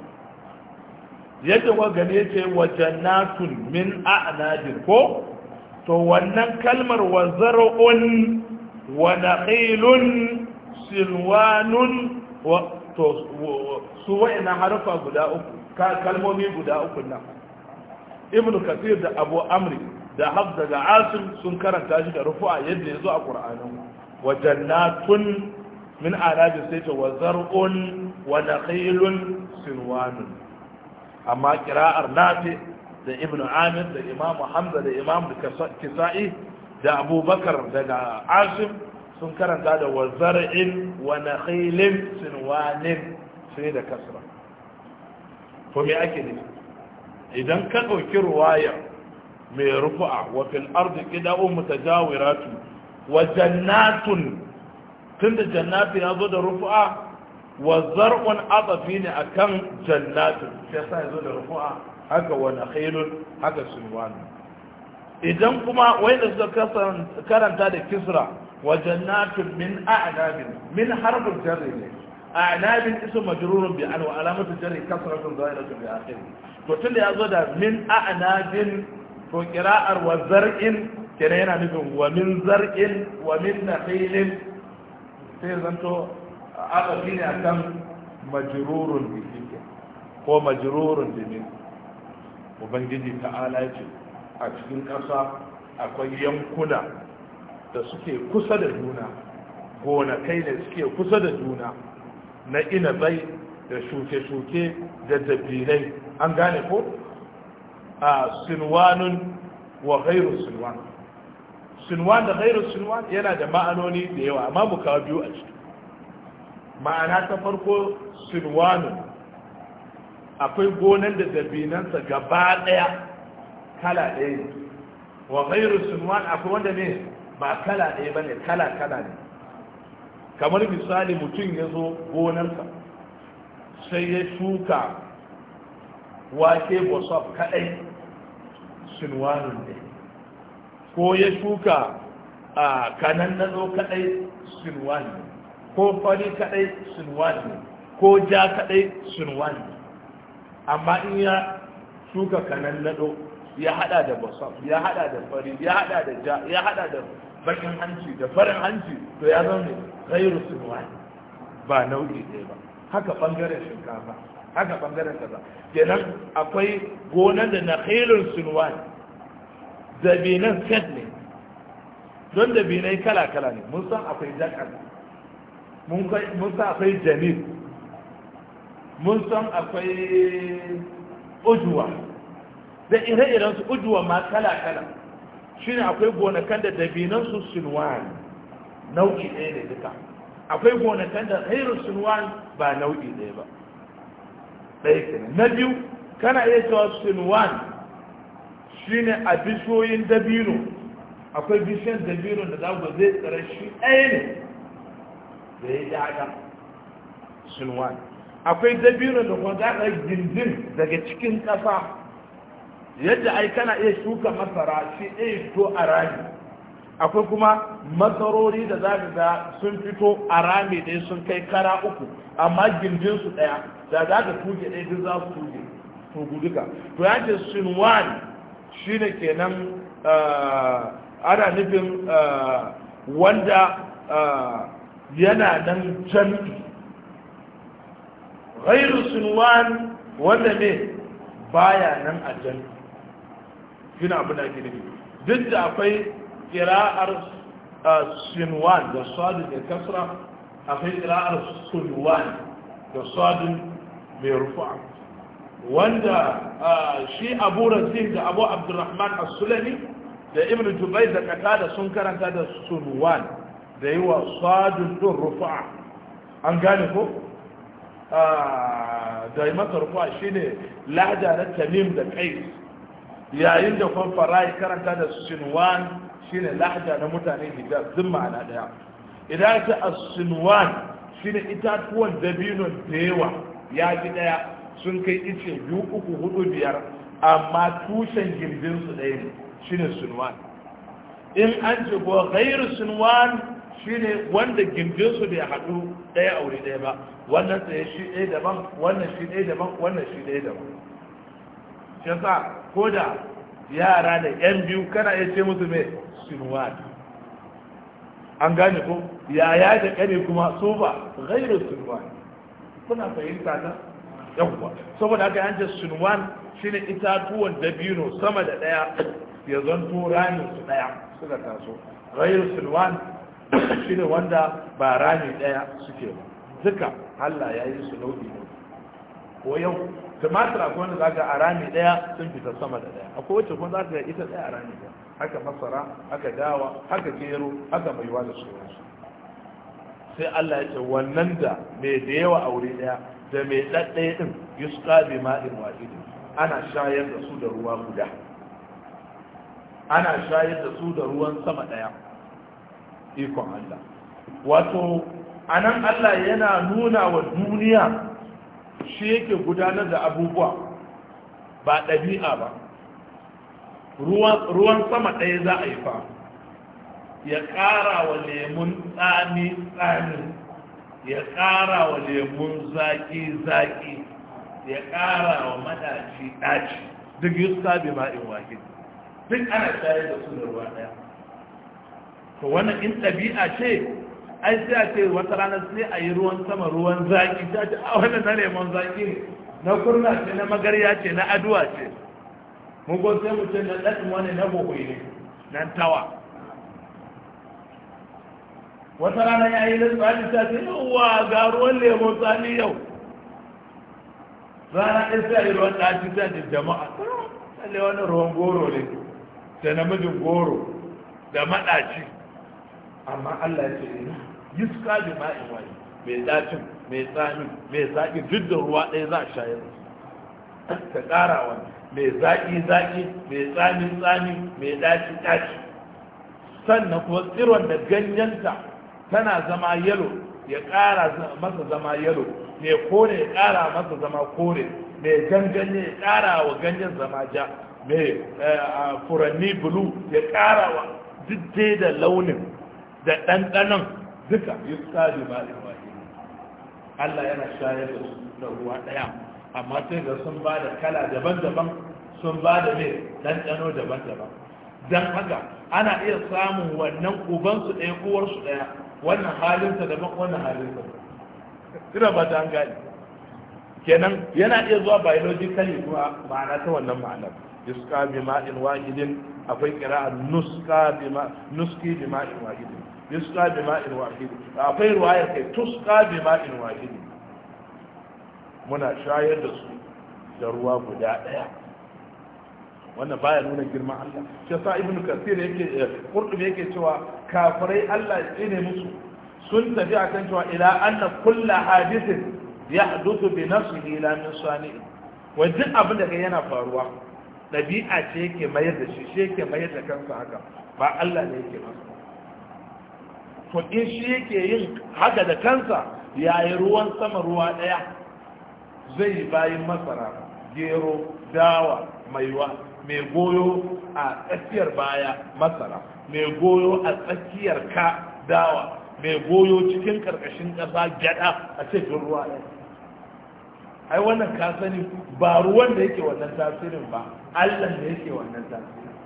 yadda wa gane ce wajen jannatun min a'nabin ko to wannan kalmar wa zarhun ونقيل سلوان su wa'ina harufa guda uku kalmomi guda uku nan ibn kasir da abu amri da haf daga asim sun karanta shi da rufu'a yadda ya zo a ƙur'anin wa jannatun min arabin sai ta wa zar'un wa nakhilun sirwanun amma kira'ar nafi da ibn amir da imam hamza da imam kisa'i da abubakar daga asim sun karanta da wa zar'in hailin nakhilin sinwanin sai da kasra to me ake nufi idan ka ɗauki ruwaya mai rufu'a arziki wa fil ardi qida'un mutajawiratu wa jannatun da jannatu ya zo da rufu'a wa zar'un adafi ne akan jannatu sai ya zo da rufu'a haka wa nakhilun haka sinwanun idan kuma wanda suka karanta da kisra wa jannatun min a'nabin min harfin jarri ne a'nabin isu majrurun bi an wa alamatu jarri kasratun zahiratun bi akhir to tunda yazo da min a'nabin to qira'ar wa zar'in kira yana nufin wa min zar'in wa min nakhilin sai zanto aka fine akan majrurun bi ko majrurun bi ubangiji ta'ala ya a cikin ƙasa akwai yankuna da suke kusa da juna gonakai ne suke kusa da juna na inabai da shuke-shuke da dabirai an gane ko a sinwanun wa gairu sinwan sinwan da gairu sinwan yana da ma'anoni da yawa amma mu kawo biyu a ciki ma'ana ta farko sinwanun akwai gonan da dabinansa gaba ɗaya kala ɗaya ne wa ghairu sunwan akwai wanda ne ba kala ɗaya bane kala kala ne kamar misali mutum ya zo gonarsa sai ya shuka wake bosop kaɗai sunwanun ne ko ya shuka a kanan nazo kaɗai sunwan ne ko fari kaɗai sunwan ne ko ja kaɗai sunwan ne amma in ya shuka kanan nado ya hada da basam ya hada da fari ya hada da ja ya hada da bakin hanci da farin hanci to ya zama gairu sunuwani ba nau'i ɗaya ba haka bangaren shinkafa haka bangaren kaza kenan akwai gonar da na khairun sunuwani dabinan set ne don dabinai kala-kala ne mun san akwai jakar mun kai, mun san akwai jamil mun san akwai ujuwa da ire-iren su ujuwa ma kala-kala shi ne akwai gonakan da dabinan su sinuwan nau'i ɗaya ne duka akwai gonakan da hairu sinuwan ba nau'i ɗaya ba ɗaya ke na biyu kana iya cewa sinuwan shi ne a bishiyoyin dabino akwai bishiyan dabino da za zai tsara shi ɗaya ne da ya yi haka sinuwan akwai dabino da kuma za ka gindin daga cikin ƙasa yadda ai kana iya shuka masara shi ɗaya fito a rami akwai kuma masarori da za ga sun fito a rami ɗaya sun kai kara uku amma su ɗaya da za ka tuge ɗaya duk za su tuge tugu duka to ya ce sinwani shi ne kenan eh, ana nufin eh, wanda eh, yana nan jami'i ghairu sinwani wanda ne baya nan a jami'a shi na abin da ake nufi duk da akwai kira'ar sinwan da sadun da kasra akwai kira'ar sulwan da sadun mai rufa wanda shi abu rasim da abu abdurrahman as-sulami da ibn jubai da kata da sun karanta da sulwan da yi wa sadun ɗin rufa an gane ko da yi masa rufa shine lahja na tamim da kais yayin da kuma farai karanta da sinwan shine lahja na mutanen hijaz duk ma'ana daya idan ka as-sinwan shine itatuwan dabinon da yawa ya ji daya sun kai ice biyu uku hudu biyar amma tushen girbin su ɗaya ne shine sinwan in an ce ko ghairu sinwan shine wanda girbin su bai haɗu ɗaya aure ɗaya ba wannan tsaye shi dai daban wannan shi dai daban wannan shi dai daban yasa ko da yara da yan biyu kana iya ce musu mai sinuwat an gane ko yaya da kare kuma su ba gairu sinuwat kuna fahimta na yawwa saboda haka an ce shine itatuwan dabino sama da ɗaya ya zanto ranin su daya suka taso gairu shi ne wanda ba rami daya suke ba duka Allah ya yi su nau'i ne ko yau tumatir akwai wanda za ka a rami ɗaya sun fita sama da ɗaya akwai wacce kuma za ka ita ɗaya a rami ɗaya haka masara haka dawa haka gero haka baiwa da sauransu sai Allah ya ce wannan da mai da yawa a wuri ɗaya da mai ɗaɗɗaya ɗin yusqa bi ma'in wahidin ana shayar da su da ruwa guda ana shayar da su da ruwan sama ɗaya ikon Allah wato anan Allah yana nuna wa duniya shi yake gudanar da abubuwa ba ɗabi'a ba ruwan sama ɗaya za a yi fa ya ƙara wa lemun tsami tsami ya ƙara wa lemun zaƙi zaƙi ya ƙara wa madaci ɗaci duk yi sabi ma'in wakil duk ana shayar da su da ruwa ɗaya to wannan in ɗabi'a ce ai sai a ce wata rana sai a yi ruwan sama ruwan zaki ta ce a ah, wannan na lemon zaki ne na kurna ce na magarya ce na aduwa ce mu sai mu ce na ɗan wani na bukwai ne nan tawa wata rana ya yi na tsari ta ce yawwa ga ruwan lemon tsami yau rana ɗin sai a yi ruwan ɗaci ta ce jama'a tsalle wani ruwan goro ne sai namijin goro da maɗaci amma Allah ya ce ni yuska bi ma'in wani mai zafin mai tsami mai zaki duk da ruwa ɗaya za a shayar ka ƙara wani mai zaki zaki mai tsami tsami mai daci daci sannan kuma tsiron da ganyenta tana zama yalo ya ƙara masa zama yalo mai kore ya ƙara masa zama kore mai ganganye ya ƙara wa ganyen zama ja mai eh, furanni bulu ya ƙara wa duk da launin da ɗanɗanon duka yi tsari ba da wahi Allah yana shayar da su da ruwa ɗaya amma sai ga sun ba da kala daban-daban sun ba da mai ɗanɗano daban-daban don haka ana iya samun wannan ubansu ɗaya uwarsu ɗaya wannan halinsa daban wannan halinsa ina ba ta gani kenan yana iya zuwa biologically kuma ma'ana ta wannan ma'anar iska bi ma'in wahidin akwai kira nuska bi nuski bi ma'in wahidin yusqa bi ma'in wahid akwai ruwaya kai tusqa bi ma'in wahid muna shayar da su da ruwa guda daya wannan baya nuna girma Allah shi yasa ibnu kasir yake qurtubi yake cewa kafirai Allah ya ne musu sun tafi akan cewa ila anna kullu hadithin yahduthu bi nafsihi la min sani'i wa duk abin da kai yana faruwa dabi'a ce yake mayar da shi shi yake mayar da kansa haka ba Allah ne yake masa to in shi yake yin haka da kansa yayi ruwan sama ruwa ɗaya, zai bayin masara gero dawa maiwa mai goyo a tsakiyar baya masara mai goyo a tsakiyar ka dawa mai goyo cikin karkashin ƙasa gyada a cikin ruwa ɗaya ai wannan ka sani ba ruwan da yake wannan tasirin ba allah da yake wannan tasirin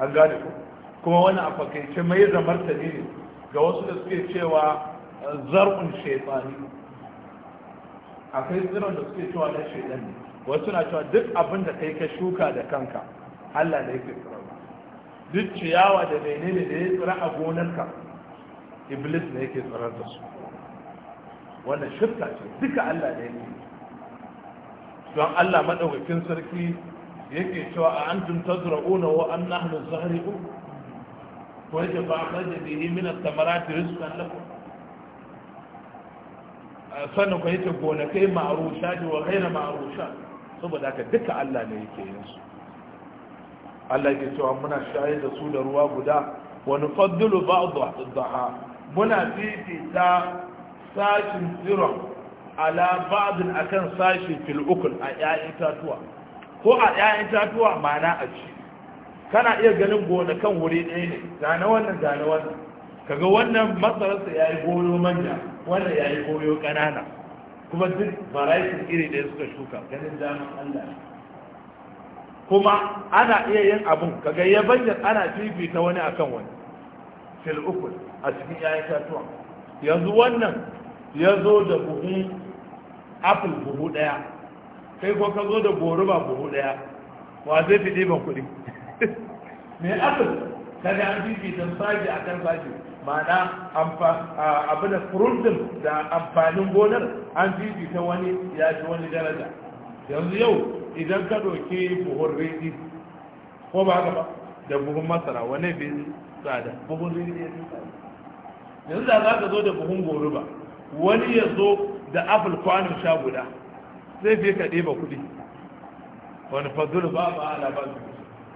an gane ku kuma wani a fakaice mai zamarta ne ga wasu da suke cewa eh, zarfin shaitani akwai tsiron da suke cewa na shaitan ne wasu na cewa duk abin da kai ka shuka da kanka allah da yake tsiron duk ciyawa da menene da ya tsira a gonarka iblis ne yake tsirar da su wannan shirka ce duka allah da yake don allah maɗaukakin sarki yake cewa a an tun tazra'una wa an nahnu zahri'u وجه فأخرج به من الثمرات رزقا لكم sannan ku yace gonakai ma'arusha ji wa gaira ma'arusha saboda haka duka Allah ne yake yin su Allah ke cewa muna shayar da su da ruwa guda Wani wa nufaddilu a dhaha muna fifita sashin tsiron ala ba'din akan sashi fil a 'ya'yan tatuwa ko a 'ya'yan tatuwa ma'ana a ci kana iya ganin gona kan wuri ɗaya ne zane wannan zane wannan kaga wannan matsalarsa ya yi goyo manya wannan ya yi goyo ƙanana kuma duk varieties iri ɗaya suka shuka ganin daman allah kuma ana iya yin abun kaga yabanyar ana fifita wani akan wani fil ukul a cikin yayin tatuwa yanzu wannan ya zo da buhun apple buhu daya kai ko ka zo da goruba buhu daya wa zai fi ɗiban kuɗi mai asir kaga an fifita saji a kan saji ma'ana abu da furundin da amfanin gonar an ta wani ya ci wani daraja yanzu yau idan ka doke buhun redi ko ba haka ba da buhun masara wane bi tsada buhun redi ya fi tsada yanzu da za ka zo da buhun ba. wani ya zo da apple kwanon sha guda zai fi ka ɗeba kuɗi wani fadul ba ba ala ba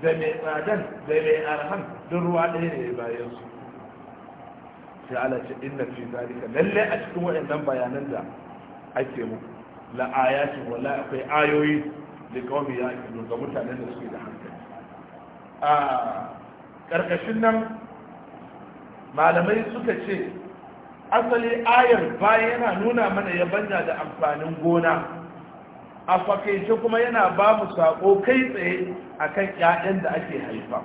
da mai tsadan da mai arhan duk ruwa ɗaya ne bayan su sai ala ce inna fi zalika lalle a cikin wayannan bayanan da ake mu la ayati wala akwai ayoyi da kawai ya ake ga mutanen da suke da hankali a ƙarƙashin nan malamai suka ce asali ayar bayan yana nuna mana yabanya da amfanin gona a fakaice kuma yana ba mu sako kai tsaye akan ƴaƴan da ake haifa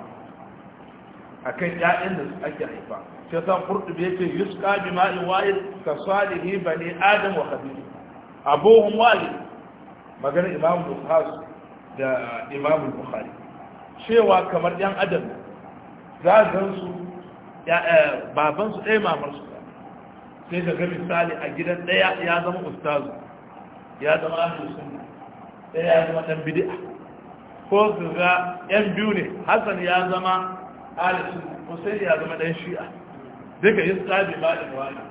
akan ƴaƴan da ake haifa sai san qurtubi yake yusqa bima'in wa'id ka salihi bani adam wa khabir abuhum wa'id magana imam bukhari da imam bukhari cewa kamar yan adam za gan su eh, baban su ɗaya mamar su sai ka ga misali a gidan ɗaya ya zama ustazu ya zama ahlus sunna sai ya zama ɗan bidi'a ko su ga yan biyu ne hassan ya zama alisun sai ya zama ɗan shi'a duka yin tsabi ba da wani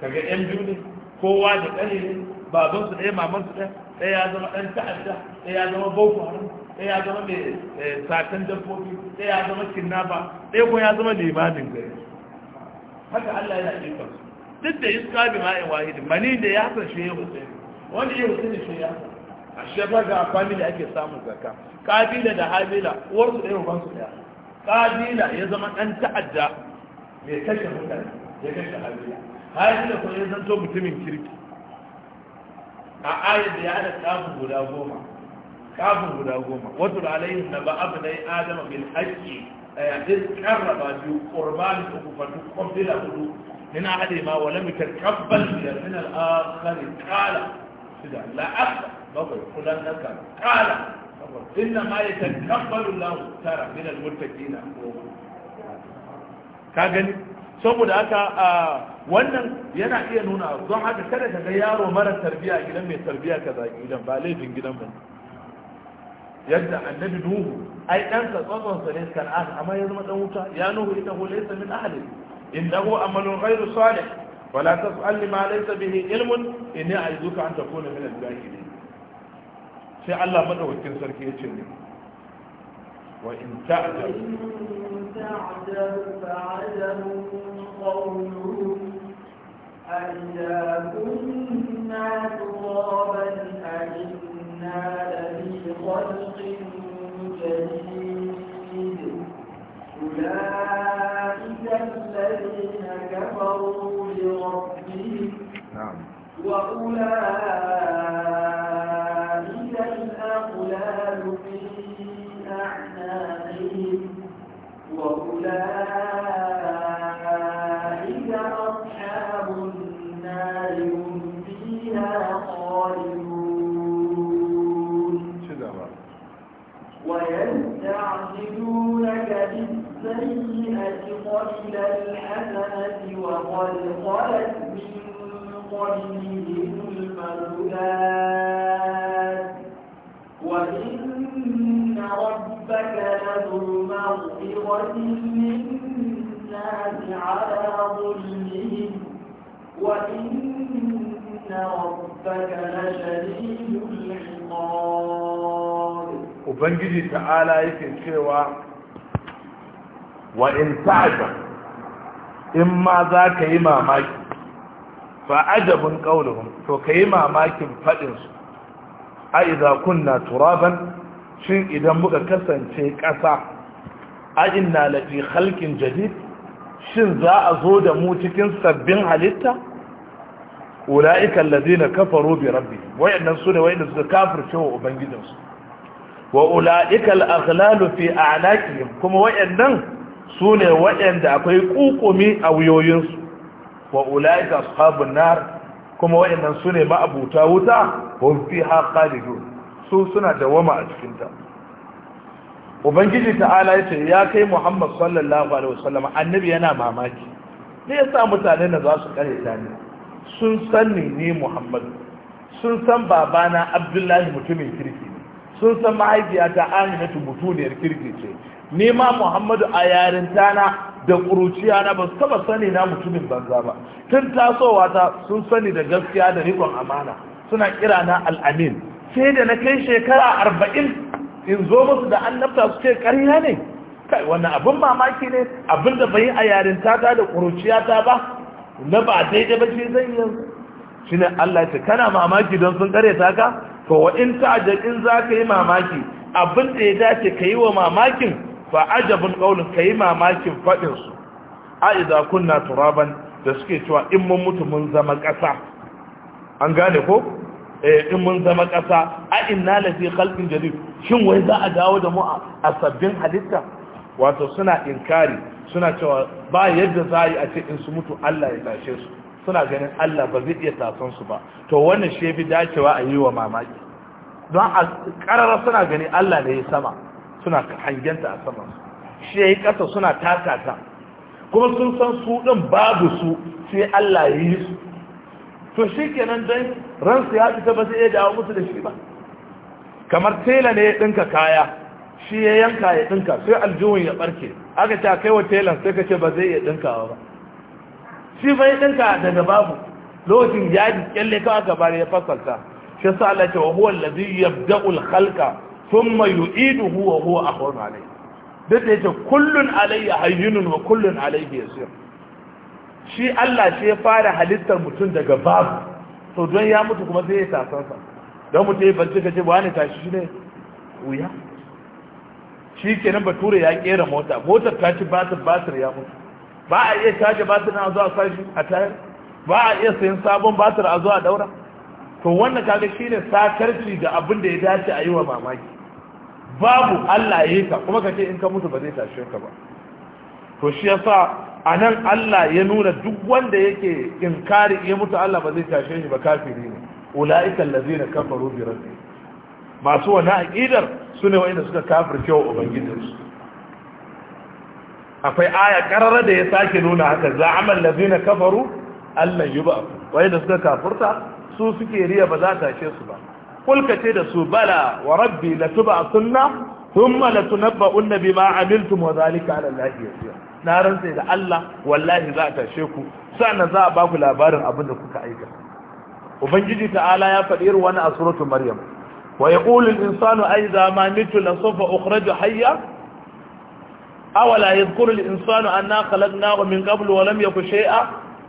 ga yan biyu ne kowa da ƙari ne baban su ɗaya maman su ɗaya ya zama ɗan ta'adda ɗaya ya zama boko haram ɗaya ya zama mai eh, satan dabbobi ɗaya ya zama kinnaba ɗaya kuma ya zama limamin gari haka Allah yana ikon duk da iska tsabi ma'in wahidi mani da ya san shi ya hussein wani ya ne shi ya san ashe ba ga family ake samun zakka kabila da habila uwar su ɗaya uban su ɗaya kabila ya zama ɗan ta'adda mai kashe mutane ya kashe habila habila kuma ya zanto mutumin kirki a ayat da ya hada kafin guda goma kafin guda goma wato da alayhi na ba abu na yi adama bil haƙƙi إذ قرب في قربان فتقبله من أحدهما ولم يتقبل من الآخر kala لا أخبر bakwai kulan naka kala inna ma ya takabbalu lahu tara min almuttaqina ka gani saboda haka wannan yana iya nuna don haka kada ka ga yaro mara tarbiyya gidan mai tarbiya ka zaki gidan ba laifin gidan ba yadda annabi nuhu ai ɗansa sa tsotson sa ne kan'an amma ya zama ɗan wuta ya nuhu ita ko laysa min ahli innahu amalun ghayru salih wala tas'al lima laysa bihi ilmun inni a'iduka an takuna min al-jahilin sai Allah madaukakin sarki ya ce ne wa in ta'jab أَإِذَا كُنَّا تُرَابًا أَإِنَّا لَفِي خَلْقٍ جَدِيدٍ أُولَٰئِكَ الَّذِينَ كَفَرُوا لِرَبِّهِمْ وَأُولَٰئِكَ ubangiji ta'ala yake cewa wa in ta'aba in ma za ka yi mamaki fa ajabun qauluhum to yi mamakin faɗin su a idza na turaban shin idan muka kasance ƙasa a inna lafi halkin jadid shin za a zo da mu cikin sabbin halitta ulaika alladhina kafa bi rabbi wayannan sune wayanda suka kafirce wa ubangijinsu wa ula'ikal aghlalu fi a'naqihim kuma wayannan sune wayanda akwai kukumi a wuyoyinsu wa ula'ika ashabun nar kuma wayannan sune ma'abuta wuta hum fiha khalidun su suna dawama a cikin ta ubangiji ta'ala yace ya kai muhammad sallallahu alaihi wasallam annabi yana mamaki me yasa mutane na za su kare ta sun san ni muhammad sun san babana abdullahi mutumin kirki sun san mahaifiyata aminatu mutuniyar kirki ce ni ma muhammadu a yarinta na da ƙuruciya na ba su taba sani na mutumin banza ba tun tasowa ta sun sani da gaskiya da rikon amana suna kira na al'amin sai da na kai shekara arba'in in zo musu da annabta su ce ƙarya ne kai wani abin mamaki ne abin da bai a yarinta ta da ƙuruciya ta ba na ba daidai ba shi zan yi shi ne allah ce kana mamaki don sun ƙare ta ka fa wa in ta'jab in ka yi mamaki abin da ya dace ka yi wa mamakin fa ajabun ka yi mamakin faɗinsu. su a idan kunna turaban da suke cewa in mun mutu mun zama kasa an gane ko eh in mun zama kasa a inna lafi kalfin jadid shin wai za a dawo da mu a sabbin halitta wato suna inkari suna cewa ba yadda za a yi a ce in su mutu Allah ya tashe su suna ganin Allah ba zai iya tason su ba to wannan shi fi dacewa a yi wa mamaki don a ƙararra suna gani Allah ne ya sama suna hangenta a sama shi ya yi ƙasa suna takata kuma sun san su ɗin babu su sai Allah ya yi su to shi kenan don ransu ya fita ba zai iya dawo musu da shi ba kamar tela ne ya ɗinka kaya shi ya yanka ya ɗinka sai aljihun ya barke aka ce a kai wa telan sai ka ce ba zai iya ɗinkawa ba shi fa ya dinka daga babu lokacin ya ji kyalle ka aka bari ya fasalta shi sa Allah ce wa huwa allazi yabda'u al-khalqa thumma yu'iduhu wa huwa ahwanu alayhi duk da yake kullun alayya hayyunun wa kullun alayhi yasir shi Allah shi ya fara halittar mutum daga babu to don ya mutu kuma sai ya tasansa don mutum ya barci kace ba ne tashi shi ne wuya shi kenan bature ya kera mota motar ta ci basir basir ya mutu ba a iya caje batir a zuwa sashi a tayar ba a iya sayan sabon batir a zuwa daura to wannan kaga shine sakarci da abin da ya dace a yi wa mamaki babu Allah ya yi ka kuma ka ce in ka mutu ba zai tashe ka ba to shi ya sa a nan Allah ya nuna duk wanda yake inkari ya mutu Allah ba zai tashe shi ba kafiri ne ulaika na kafaru bi ne masu wani su sune wa'inda suka kafirce wa ubangijinsu akwai aya karara da ya sake nuna haka za'amal lazina kafaru allan yuba wai da suka kafurta su suke riya ba za ta tashe su ba kulka ce da su bala wa rabbi la tuba sunna thumma la tunabba'unna bima amiltum wa zalika ala allahi yasir na sai da Allah wallahi za ta tashe ku sannan za a ba ku labarin abin da kuka aika ubangiji ta'ala ya faɗi irin wani a suratul maryam wa yaqulu al-insanu aidha ma mitu la sawfa ukhraju hayya awala yadhkuru al-insanu anna khalaqnahu min qablu wa lam yaku shay'a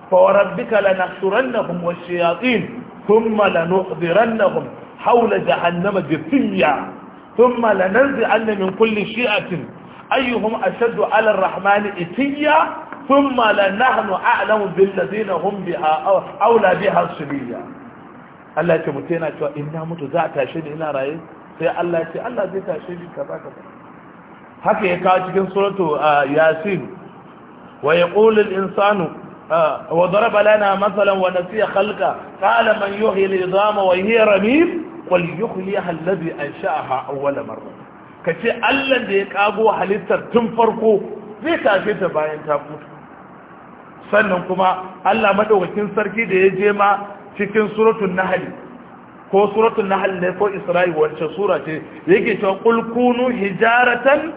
fa rabbika lanahshurannahum wash-shayatin thumma lanuhdirannahum hawla jahannama jithiya thumma lananzi'anna min kulli shi'atin ayyuhum ashaddu 'ala ar-rahmani itiya thumma lanahnu a'lamu bil ladina hum biha awla biha sabiya Allah ya ce mutena cewa inna mutu za ta tashi ina raye sai Allah ya ce Allah zai tashi ni kaza kaza haka ya kawo cikin suratu yasin wa yaqulu al-insanu wa daraba lana matsalan wa nasiya halka qala man yuhyi al-idama wa hiya ramim qul yuhyiha alladhi a awwal marra kace Allah da ya kago halittar tun farko zai tafi ta bayan ta mutu sannan kuma Allah maɗaukakin sarki da ya je ma cikin suratun nahl ko suratul nahl ne ko isra'i wacce sura ce yake cewa hijaratan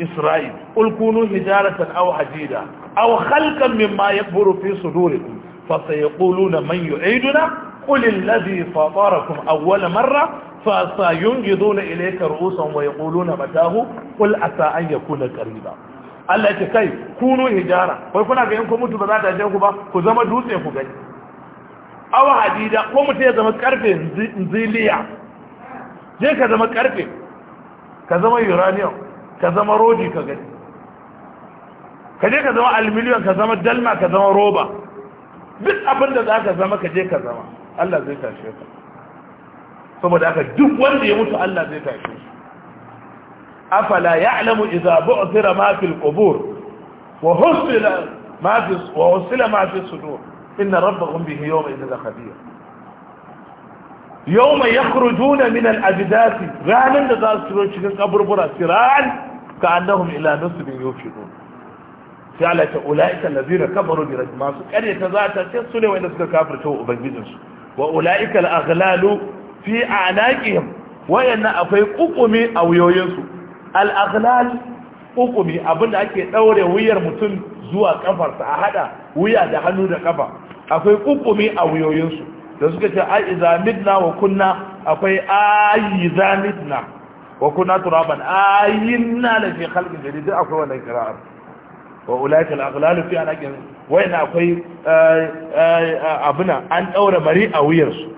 إسرائيل قل كونوا هجارة أو حديدة أو خلقا مما يكبر في صدوركم فسيقولون من يعيدنا قل الذي فطركم أول مرة فسينجدون إليك رؤوسهم ويقولون متاه قل عسى أن يكون قريبا Allah ya ce kai kuno hijara wai kuna ga yanku mutu ba za ta je ku ba ku zama dutse ku gani awa hadida ko mutum ya zama karfe ziliya je ka zama karfe ka zama uranium ka zama rodi ka gani ka je ka zama almiliyon ka zama dalma ka zama roba duk abinda za ka zama ka je ka zama Allah zai tashe ka saboda aka duk wanda ya mutu Allah zai tashe shi afala ya'lamu idza bu'thira ma fil qubur wa husila ma fi wa husila ma fi sudur inna rabbahum bihi yawma idhin khabir yawma yakhrujuna min al ajdath ranan da za su fito cikin kaburbura siran ka annahum ila nusbin yufidun sai Allah ta ulaika allazina kafaru bi rabbihim masu kare ta za ta ce su ne wanda suka kafirta wa ubangijinsu wa ulaika al-aghlalu fi anaqihim wayanna akwai kukumi a wuyoyinsu al-aghlal kukumi abinda ake daure wuyar mutum zuwa kafarsa a haɗa wuya da hannu da kafa akwai kukumi a wuyoyinsu da suka ce ai idza midna wa kunna akwai ai midna wa kuna turaban ayyinna la fi khalqin jadid akwai wannan qira'a wa ulaika al-aghlal fi anaqin wa ina akwai eh, eh, abuna an daura mari a wuyar su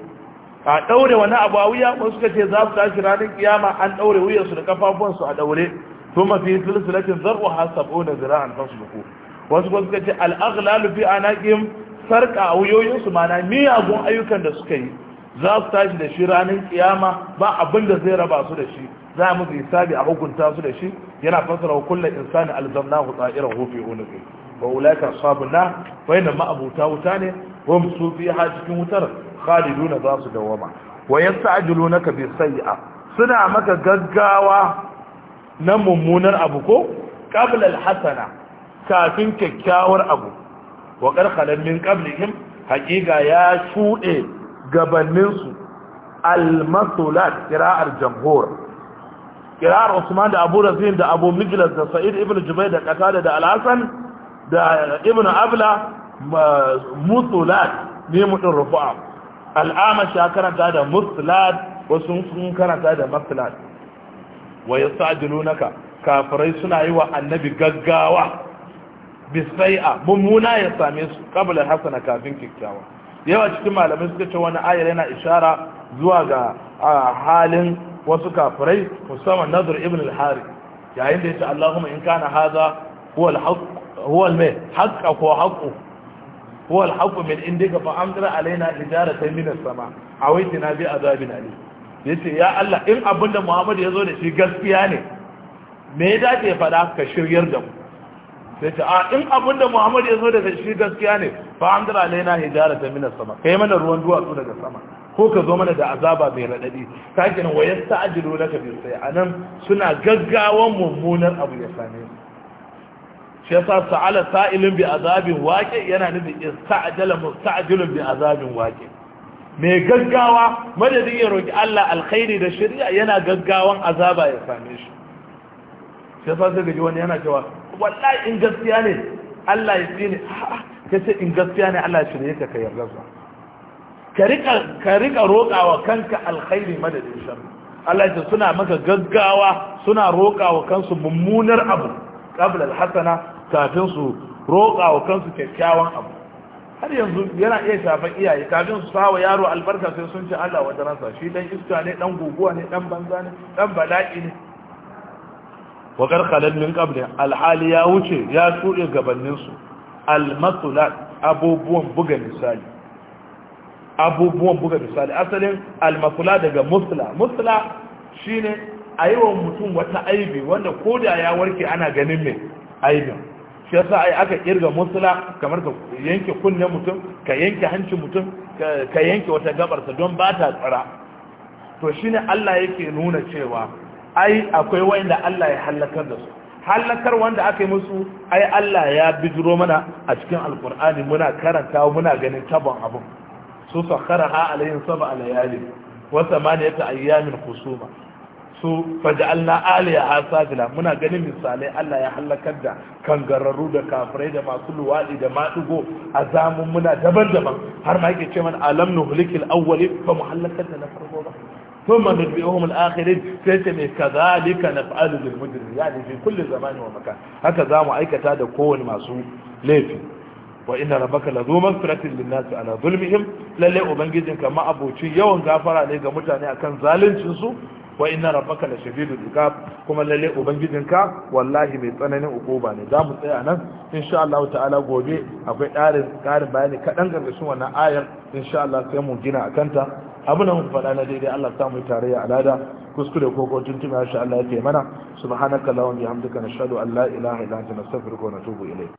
a daure wani abu a wuya ko suka ce za su tashi ranar kiyama an daure wuyar su da kafafuwan su a daure thumma fi silsilatin zar'uha 70 zira'an fasbuku wasu kuma suka ce al-aghlal fi anaqin sarka a wuyoyin su mana miyagun ayyukan da suka yi za su tashi da shi ranar kiyama ba abin da zai raba su da shi za a musu hisabi a hukunta su da shi yana fasara kullu insani alzamnahu ta'irahu fi unuqi wa ulaika ashabun wa inna ma abuta wuta ne hum su fi cikin wutar khaliduna za su dawama wa yasta'jilunaka bi sayyi'a suna maka gaggawa na mummunar abu ko qabla alhasana kafin kyakkyawar abu wa qarqalan min qablihim haqiqa ya shude gabaninsu almasulat kira'ar jamhur kirar usman da abu razin da abu miglas da sa'id ibn jubai da qatada da al-hasan da ibn abla musulat ne mudin rufa'a al'amashi ya karanta da musulat wasu sun karanta da musulat wa yasta'jilunaka kafirai suna yi wa annabi gaggawa bisai'a mummuna ya same su kabla hasana kafin kikkiawa yawa cikin malamai suka ce wani ayar yana ishara zuwa ga halin wasu kafirai musamman nazar ibn al-hari yayin da yace Allahumma in kana hadha huwa al-haqq huwa al-may haqqa ko haqqu huwa al-haqqu min indika fa amdir alaina hijaratan min as-sama awaitina bi azabin alim yace ya Allah in abinda Muhammad yazo da shi gaskiya ne me ya dace ya fada ka shiryar da mu sai a in abinda Muhammad yazo da shi gaskiya ne fa amdir alaina hijaratan min as-sama kai mana ruwan duwatsu daga sama ko ka zo mana da azaba mai raɗaɗi ta kenan wa ya sa'ajiru na ka sai a nan suna gaggawan mummunar abu ya same su shi yasa sa'ala sa'ilin bi azabin wake yana nufin mu musta'jilun bi azabin wake mai gaggawa madadin ya roƙi Allah alkhairi da shari'a yana gaggawan azaba ya same shi shi yasa sai gaji wani yana cewa wallahi in gaskiya ne Allah ya tsine ka ce in gaskiya ne Allah ya shirye ka ka yarda zuwa ka rika roƙawa kanka alkhairi madadin sharri Allah ya suna maka gaggawa suna roƙawa kansu mummunar abu qabla alhasana kafin su roƙawa kansu kyakkyawan abu har yanzu yana iya shafan iyaye kafin su sawa yaro albarka sai sun ce Allah wajen ransa shi dan iska ne dan guguwa ne dan banza ne dan bala'i ne wa karkalan min qabli alhali ya wuce ya shuɗe gabaninsu almasulat abubuwan buga misali abubuwan buga misali asalin almakula daga musla musla shine a yi mutum wata aibi wanda ko da ya warke ana ganin mai aibin shi yasa ai aka kirga musla kamar ka yanke kunnen mutum ka yanke hancin mutum ka yanke wata gabarsa don ba ta tsara to shine Allah yake nuna cewa ai akwai wanda Allah ya halakar da su halakar wanda aka yi musu ai Allah ya bijiro mana a cikin alkur'ani muna karanta muna ganin tabon abin su sakhara ha alayhim sab'a layali ne thamaniyata ayyamin husuma su aliya a sabila muna ganin misalai Allah ya halakar da kangararru da kafirai da masu luwadi da madugo a zamun muna daban-daban har ma yake ce man alam nuhlikil awwali fa muhallakar da na farko ba ثم نتبئهم الآخرين تتم كذلك نفعل بالمجرمين يعني في كل زمان ومكان هكذا ما أيكتا aikata da ما masu laifi. wa ina rabbaka la zu maghfiratin lin nas ala zulmihim lalle ubangijin ka ma'abocin yawan gafara ne ga mutane akan zaluncin su wa ina rabbaka la shadidul iqab kuma lalle ubangijin ka wallahi mai tsananin ukuba ne zamu tsaya nan insha Allah ta'ala gobe akwai ƙarin ƙarin bayani kaɗan shi wannan ayar insha Allah sai mu gina akan ta abin da mun faɗa na daidai Allah ta mu tarayya alada kuskure ko ko tuntuma insha Allah ya mana subhanaka allahumma bihamdika nashhadu an la ilaha illa anta nastaghfiruka wa natubu ilayk